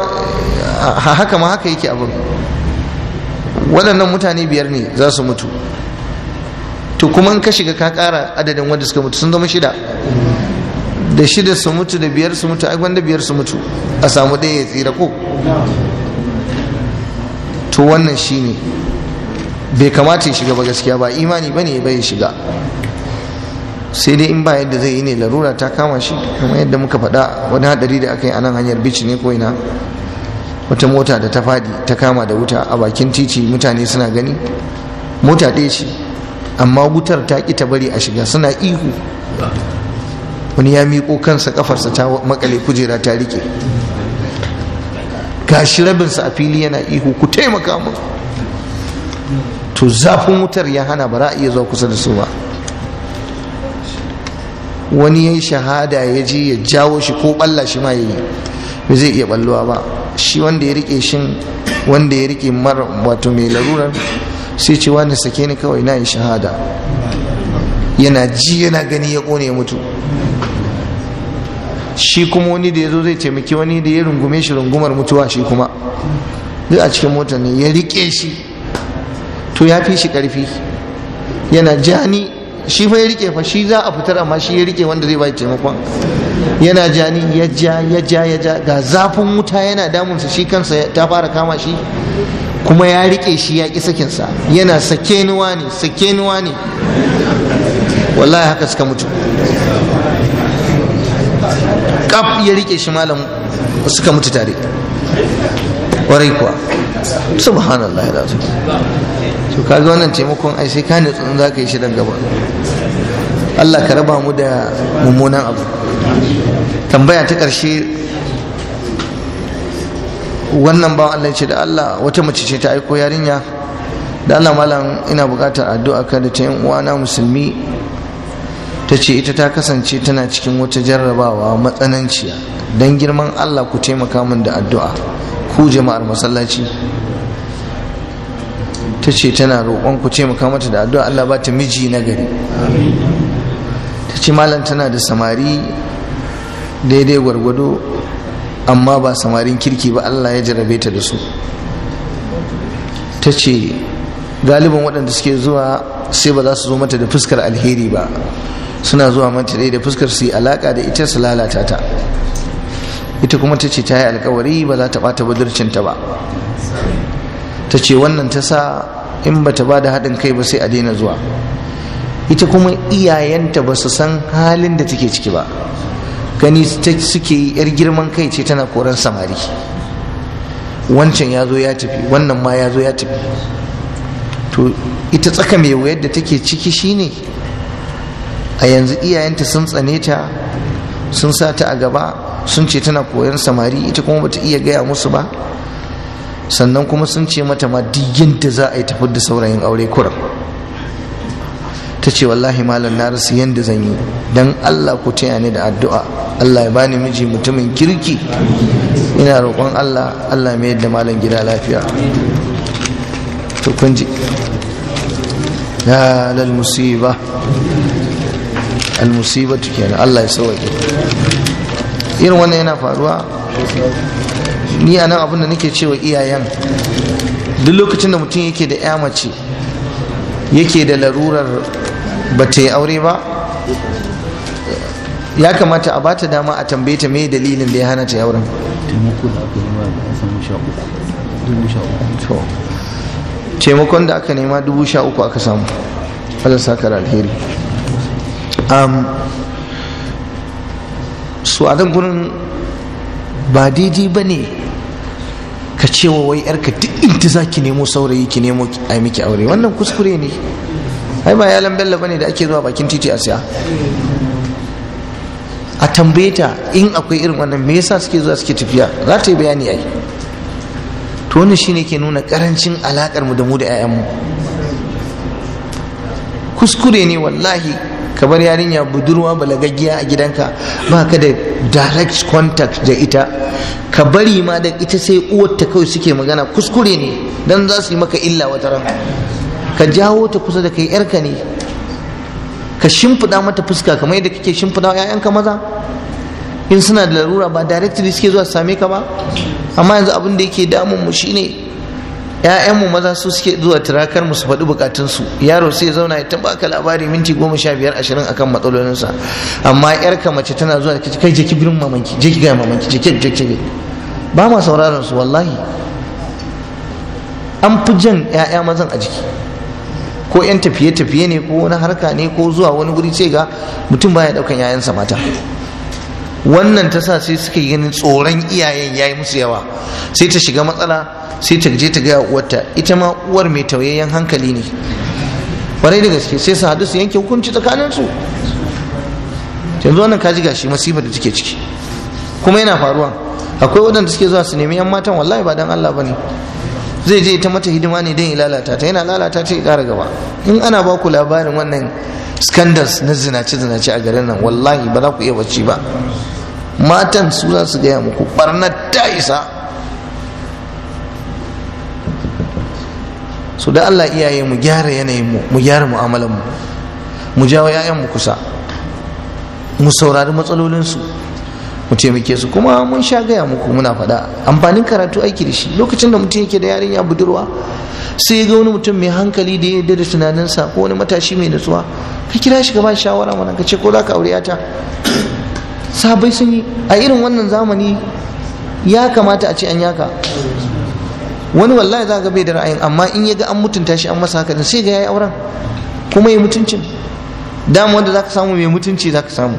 haka ma haka yake abin waɗannan mutane biyar ne za su mutu to kuma in ka shiga ka ƙara adadin wanda suka mutu sun zama shida da shida su mutu da biyar su mutu a wanda biyar su mutu a samu ɗaya ya tsira ko to wannan shine bai kamata ya shiga ba gaskiya ba imani bane bai shiga sai dai in ba yadda zai yi ne larura ta kama shi kuma yadda muka faɗa wani hadari da aka yi a nan hanyar bici ne ko ina wata mota da ta fadi ta kama da wuta a bakin titi mutane suna gani mota ɗaya ce amma wutar ta ƙi ta bari a shiga suna ihu wani ya miƙo kansa kafarsa ta makale kujera ta riƙe. gashi rabinsa a fili yana ihu ku taimaka mu to zafin wutar ya hana ba za a iya zuwa kusa da su ba wani ya yi shahada ya je ya jawo shi ko balla shi ma yayi ba zai iya balluwa ba shi wanda ya rike shin wanda ya rike mara wato mai larurar sai ce wani sake ni kawai na yi shahada yana ji yana gani ya kone mutu shi kuma wani da ya zo zai taimaki wani da ya rungume shi rungumar mutuwa shi kuma duk a cikin motar ne ya riƙe shi to ya fi shi ƙarfi yana jani shi fa ya rike fa shi za a fitar amma shi ya rike wanda zai bai taimakon yana jani ya ja ya ja ya ja ga zafin wuta yana damunsa shi kansa ta fara kama shi kuma ya rike shi ya ki sakinsa yana sake nuwa ne sake nuwa ne wallahi haka suka mutu kaf ya rike shi malam suka mutu tare warai kuwa subhanallah ya to ga wannan taimakon ai sai ka nutsu in zaka yi shi dan gaba Allah ka raba mu da mummunan abu tambaya ta ƙarshe wannan ba Allah ce da Allah wata mace ce ta aiko yarinya da Allah malam ina buƙatar addu'a ka da ta uwana musulmi ta ce ita ta kasance tana cikin wata jarrabawa matsananciya don girman allah ku taimaka min da addu'a ku jama'ar masallaci ta ce tana roƙon ku taimaka mata da addu'a allah ba ta miji na gari ta ce malam tana da samari daidai gwargwado amma ba samarin kirki ba allah ya jarrabe ta da su ta ce galibin waɗanda suke zuwa sai ba za su zo mata da fuskar alheri ba suna zuwa mata dai da fuskar su yi alaka da ita su lalata ta ita kuma ta ce ta yi alkawari ba za ta bata budurcinta ba ta ce wannan ta sa in ba ta ba da haɗin kai ba sai a daina zuwa ita kuma iyayenta ba su san halin da take ciki ba gani suke yi yar girman kai ce tana koran samari wancan ya zo ya tafi wannan ma ya zo ya tafi to ita tsaka mai wuyar da take ciki shine a yanzu iyayenta sun tsane ta sun sa ta a gaba sun ce tana koyon samari ita kuma bata iya gaya musu ba sannan kuma sun ce mata ma diginta za a yi tafi da saurayin aure kuran ta ce wallahi malam na rasu yadda zan yi don allah ku taya ni da addu'a allah ya bani miji mutumin kirki ina roƙon allah allah mai yadda malam gida lafiya almusibatu kenan Allah ya sauke irin wannan yana faruwa ni a nan abinda nake cewa iyayen duk lokacin da mutum yake da ya mace yake da larurar ba ta yi aure ba ya kamata a bata dama a tambaye ta me dalilin da ya hana ta yi auren taimakon da aka nema dubu sha uku aka samu Allah saka alheri su a nan gurin ba daidai ba ne ka cewa wai yarka duk inda za ki nemo saurayi ki nemo a miki aure wannan kuskure ne ai ba yalan bello ne da ake zuwa bakin titi a siya a tambaye ta in akwai irin wannan me yasa suke zuwa suke tafiya za ta yi bayani ai to wannan shine ke nuna karancin alakar mu da mu da 'ya'yanmu kuskure ne wallahi kamar yarinya budurwa balagaggiya a gidanka ba ka da direct contact da ita ka bari ma da ita sai uwarta kawai suke magana kuskure ne don za su yi maka illa wata ran ka jawo ta kusa da kai yarka ne ka shimfiɗa mata fuska kamar yadda kake shimfiɗa ƴaƴanka maza in suna da larura ba directly suke zuwa same ka ba amma yanzu abin da yake damun mu shine 'ya'yanmu maza su suke zuwa tirakar mu su faɗi bukatunsu yaro sai zauna ya taba ka labari minti goma sha biyar ashirin akan matsalolinsa amma yarka mace tana zuwa ta kai jeki birin mamanki jeki gaya mamanki jeki jeki ba ma sauraron su wallahi an fi jan 'ya'ya mazan a jiki ko 'yan tafiye-tafiye ne ko wani harka ne ko zuwa wani wuri sai ga mutum baya ɗaukan 'ya'yansa mata wannan ta sa sai suka yi ganin tsoron iyayen yayi musu yawa sai ta shiga matsala sai ta je ta gaya uwarta ita ma uwar mai tauyayyen hankali ne kwarai da gaske sai su hadu su yanke hukunci tsakanin su yanzu wannan kaji gashi masifar da take ciki kuma yana faruwa akwai waɗanda suke zuwa su nemi yan matan wallahi ba dan Allah bane zai je ta mata hidima ne don ya lalata ta yana lalata ta ya ƙara gaba in ana ba ku labarin wannan scandals na zinace zinace a garin nan wallahi ba za ku iya bacci ba matan su za su gaya muku barnar ta isa so da Allah iyaye mu gyara yanayin mu mu gyara mu'amalan mu mu jawo 'ya'yan mu kusa mu saurari matsalolin su mu taimake su kuma mun sha gaya muku muna faɗa amfanin karatu aiki da shi lokacin da mutum yake da yarinya budurwa sai ga wani mutum mai hankali da ya da tunaninsa ko wani matashi mai nutsuwa ka kira shi ba shawara mana ka ce ko za ka aure ta sabai sun yi a irin wannan zamani ya kamata a ce an yaka wani wallahi za ga bai da ra'ayin amma in ya ga an mutunta shi an masa haka din sai ga yayi auren kuma ya mutuncin dama wanda zaka samu mai mutunci zaka samu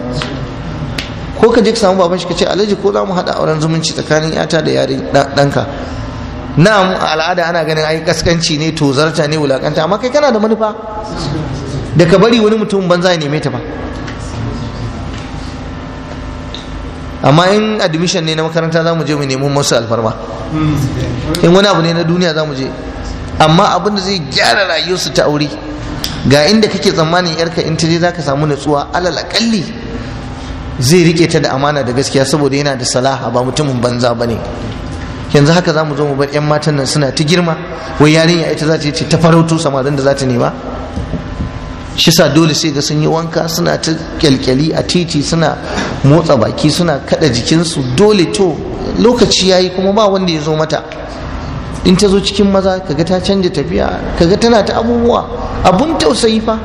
ko ka je ka samu baban shi ka ce alhaji ko za mu haɗa auren zumunci tsakanin yata da yare ɗanka na'am al'ada ana ganin ai kaskanci ne to zarta ne wulakanta amma kai kana da manufa da ka bari wani mutum banza ya neme ta ba amma in admission ne na makaranta za mu je mu nemi masu alfarma in wani abu ne na duniya za mu je amma abin da zai gyara rayuwarsu ta aure ga inda kake tsammanin yarka in ta je za ka samu natsuwa alal akalli zai rike ta da amana da gaskiya saboda yana da salaha ba mutumin banza ba ne yanzu haka za mu zo mu bar 'yan matan nan suna ta girma wai yarinya ita za ta ce ta farautu samarin da za ta nema shi sa dole sai ga sun yi wanka suna ta kyalkyali a titi suna motsa baki suna kada jikinsu dole to lokaci ya yi kuma ba wanda ya zo mata in ta zo cikin maza kaga ta canja tafiya kaga tana ta abubuwa abun tausayi fa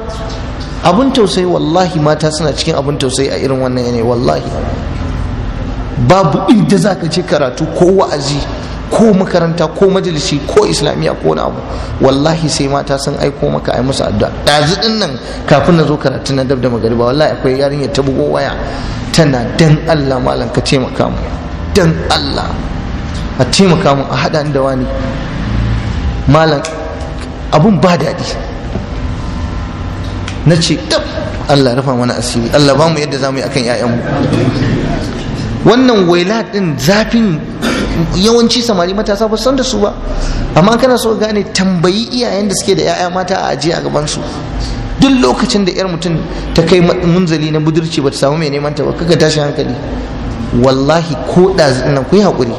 abun tausayi wallahi mata suna cikin abun tausayi a irin wannan yanayi wallahi babu inda za ka je karatu ko wa'azi ko makaranta ko majalisi ko islamiyya ko na abu wallahi sai mata sun aiko maka ai musu addu'a ɗazu din nan kafin na zo karatu na dab da magariba wallahi akwai yarinya ta bugo waya tana dan Allah malam ka taimaka mu dan Allah a taimaka mu a haɗa da wani malam abun ba daɗi na ce dab Allah rufa mana asiri Allah ba mu yadda za mu yi akan mu. wannan waila din zafin yawanci samari matasa ba san da su ba amma kana so gane tambayi iyayen da suke da 'ya'ya mata a ajiye a gaban su duk lokacin da 'yar mutum ta kai munzali na budurci ba ta samu mai neman ta ba kaga tashi hankali wallahi ko ɗazin nan ku yi hakuri.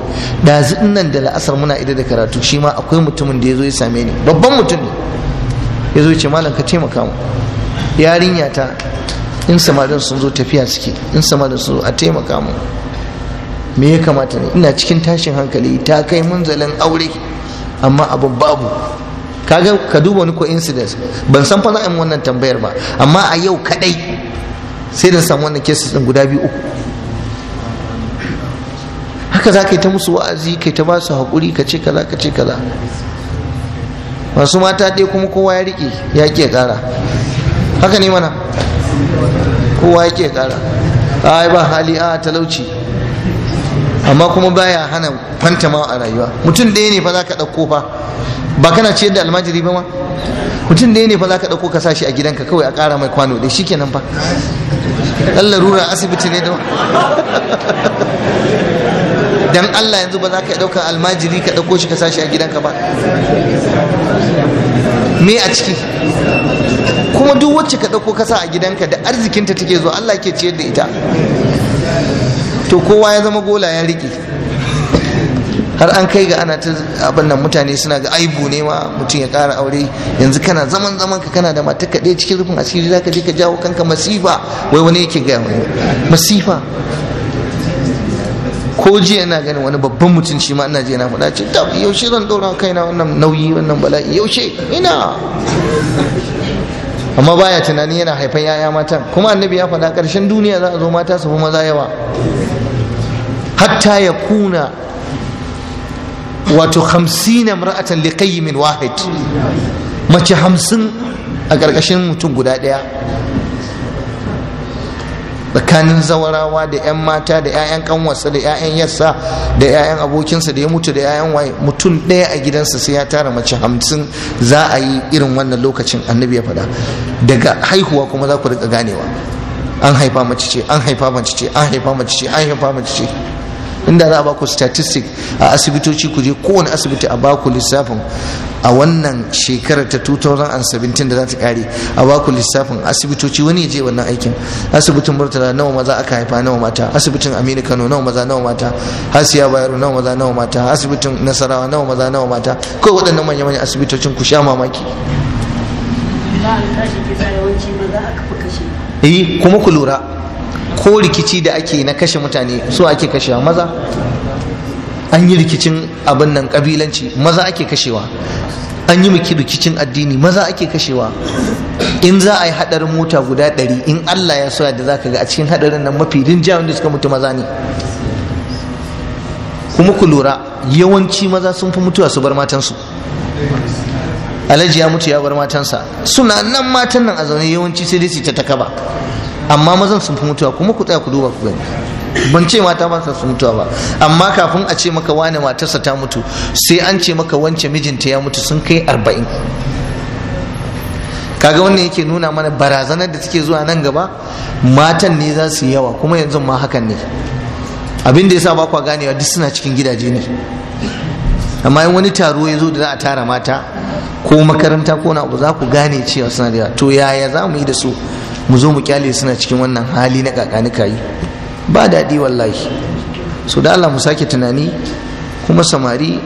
ɗazin nan da la'asar muna ida da karatu shi ma akwai mutumin da ya zo ya same ni babban mutum ne ya zo ya ce malam ka taimaka mu yarinya ta in samarin sun zo tafiya suke in samarin sun zo a taimaka mu me ya kamata ne ina cikin tashin hankali ta kai munzalin aure amma abin babu kaga ka duba wani incident ban san fa za a yi wannan tambayar ba amma a yau kadai sai da samu wannan cases din guda biyu uku haka za ka yi ta musu wa'azi kai ta ba su haƙuri ka ce kaza ka ce kaza masu mata ɗaya kuma kowa ya riƙe ya ke ƙara haka ne mana kowa ya ke ƙara ai ba hali a talauci amma kuma baya hana fantama a rayuwa mutum ɗaya ne fa za ka ɗauko fa ba kana ciyar da almajiri ba ma mutum ɗaya ne fa za ka ɗauko ka sashi a gidanka kawai a ƙara mai kwano ɗaya shikenan fa Allah rura asibiti ne da dan Allah yanzu ba za ka ɗauka almajiri ka ɗauko shi ka sashi a gidanka ba me a ciki kuma duk wacce ka ɗauko sa a gidanka da arzikinta take zo Allah ke ciyar da ita to kowa ya zama gola ya riƙe har an kai ga ana ta abin nan mutane suna ga aibu ne ma mutum ya kara aure yanzu kana zaman zaman ka kana da mata kaɗe cikin rufin asiri za ka je ka jawo kanka masifa wai wani yake gaya mai masifa ko jiya ina ganin wani babban mutum shi ma ina je na faɗa ce yaushe zan ɗora kaina wannan nauyi wannan bala'i yaushe ina amma baya tunanin yana haifan yaya matan kuma annabi ya faɗa ƙarshen duniya za a zo mata su fi maza yawa hatta ya kuna wato hamsina mar'atan liqayyimin wahid mace hamsin a ƙarƙashin mutum guda ɗaya tsakanin zawarawa da 'yan mata da 'ya'yan kanwarsa da 'ya'yan yassa da 'ya'yan abokinsa da ya mutu da 'ya'yan waye mutum ɗaya a gidansa sai ya tara mace hamsin za a yi irin wannan lokacin annabi ya faɗa daga haihuwa kuma za ku riƙa ganewa an haifa mace ce an haifa mace ce an haifa mace ce an haifa mace ce inda za a baku statistic a asibitoci ku je kowane asibiti a baku lissafin a wannan shekarar ta 2017 da za ta kare a baku lissafin asibitoci wani ya je wannan aikin asibitin murtala nawa maza aka haifa nawa mata asibitin aminu kano nawa maza nawa mata hasiya bayero nawa maza nawa mata asibitin nasarawa nawa maza nawa mata Ko waɗannan manya-manyan asibitocin ku sha mamaki eh, kuma ku lura ko rikici da ake na kashe mutane so ake kashewa maza an yi rikicin abin nan kabilanci maza ake kashewa an yi miki rikicin addini maza ake kashewa in za a yi hadarin mota guda ɗari in allah ya soya da za ka ga a cikin hadarin nan mafi rinjayen da suka mutu maza ne kuma ku lura yawanci maza sun fi mutuwa su bar matansu alhaji ya mutu ya bar matansa suna nan matan nan a zaune yawanci sai dai su ta takaba amma mazan sun fi mutuwa kuma ku tsaya ku duba ku gani ban ce mata ba su mutuwa ba amma kafin a ce maka wane matarsa ta mutu sai an ce maka wancan mijinta ya mutu sun kai arba'in kaga wannan yake nuna mana barazanar da take zuwa nan gaba matan ne za su yi yawa kuma yanzu ma hakan ne abin da sa ba kwa ganewa duk suna cikin gidaje ne amma in wani taro ya zo da za a tara mata ko makaranta ko na za ku gane cewa suna da yawa to yaya za mu yi da su mu zo mu kyale suna cikin wannan hali na kakanika yi ba daɗi wallahi so da Allah mu sake tunani kuma samari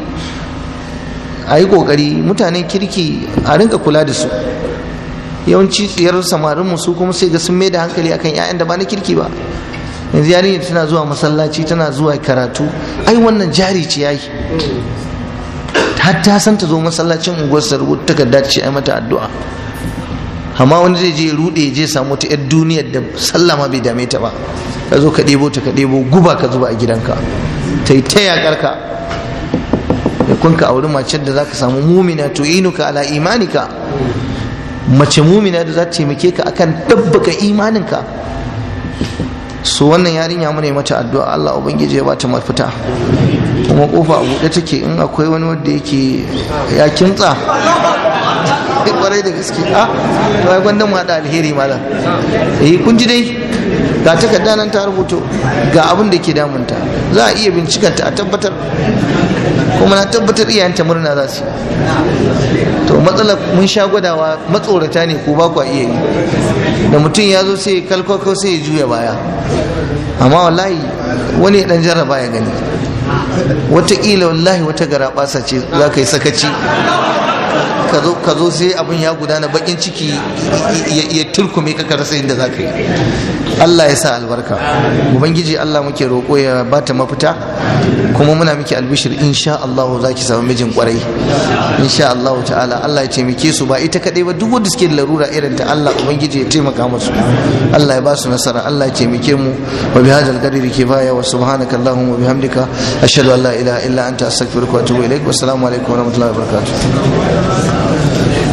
a yi ƙoƙari mutanen kirki a rinka kula da su yawanci tsiyar samarin mu su kuma sai ga sun mai da hankali akan 'ya'yan da ba na kirki ba yanzu yarinyar tana zuwa masallaci tana zuwa karatu ai wannan jari ce yayi har ta san ta zo masallacin unguwar ta rubuta takarda ce ai mata addu'a amma wani zai je rude ya je samu ta yar duniyar da sallama bai dame ta ba ka zo ka ɗebo ta ka ɗebo guba ka zuba a gidanka ta yi ta yaƙar ka ya kunka a wurin macen da zaka samu mumina to inuka ala imanika mace mumina da za ta taimake ka akan dabbaka imaninka su wannan yarinya mune mata addu'a Allah ubangiji ya bata mafita kuma kofa a buɗe take in akwai wani wanda yake ya kintsa kwarai da gaske a ah, to gwanda ma da alheri malam eh kun ji dai ga takarda nan ta rubuto ga abin da ke damunta za a iya bincikanta a tabbatar kuma na tabbatar iyayenta murna za su to matsalar mun sha gwadawa matsorata ne ko ba ku iya yi da mutum ya zo sai kalkwakau sai ya juya baya amma wallahi wani dan jarraba ya gani wataƙila wallahi wata gara ce za ka yi sakaci ka zo sai abin ya gudana bakin ciki ya turkume ka rasa inda za ka yi Allah ya sa albarka ubangiji Allah muke roƙo ya ba ta mafita kuma muna miki albishir insha Allah za ki samu mijin kwarai insha Allah ta'ala Allah ya taimake su ba ita kadai ba duk wanda suke da larura irin ta Allah ubangiji ya taimaka musu Allah ya ba su nasara Allah ya taimake mu wa bi hadzal qadri baya wa subhanaka allahumma wa bihamdika ashhadu an la ilaha illa anta astaghfiruka wa atubu ilaik wa assalamu alaikum wa rahmatullahi wa barakatuh Gracias.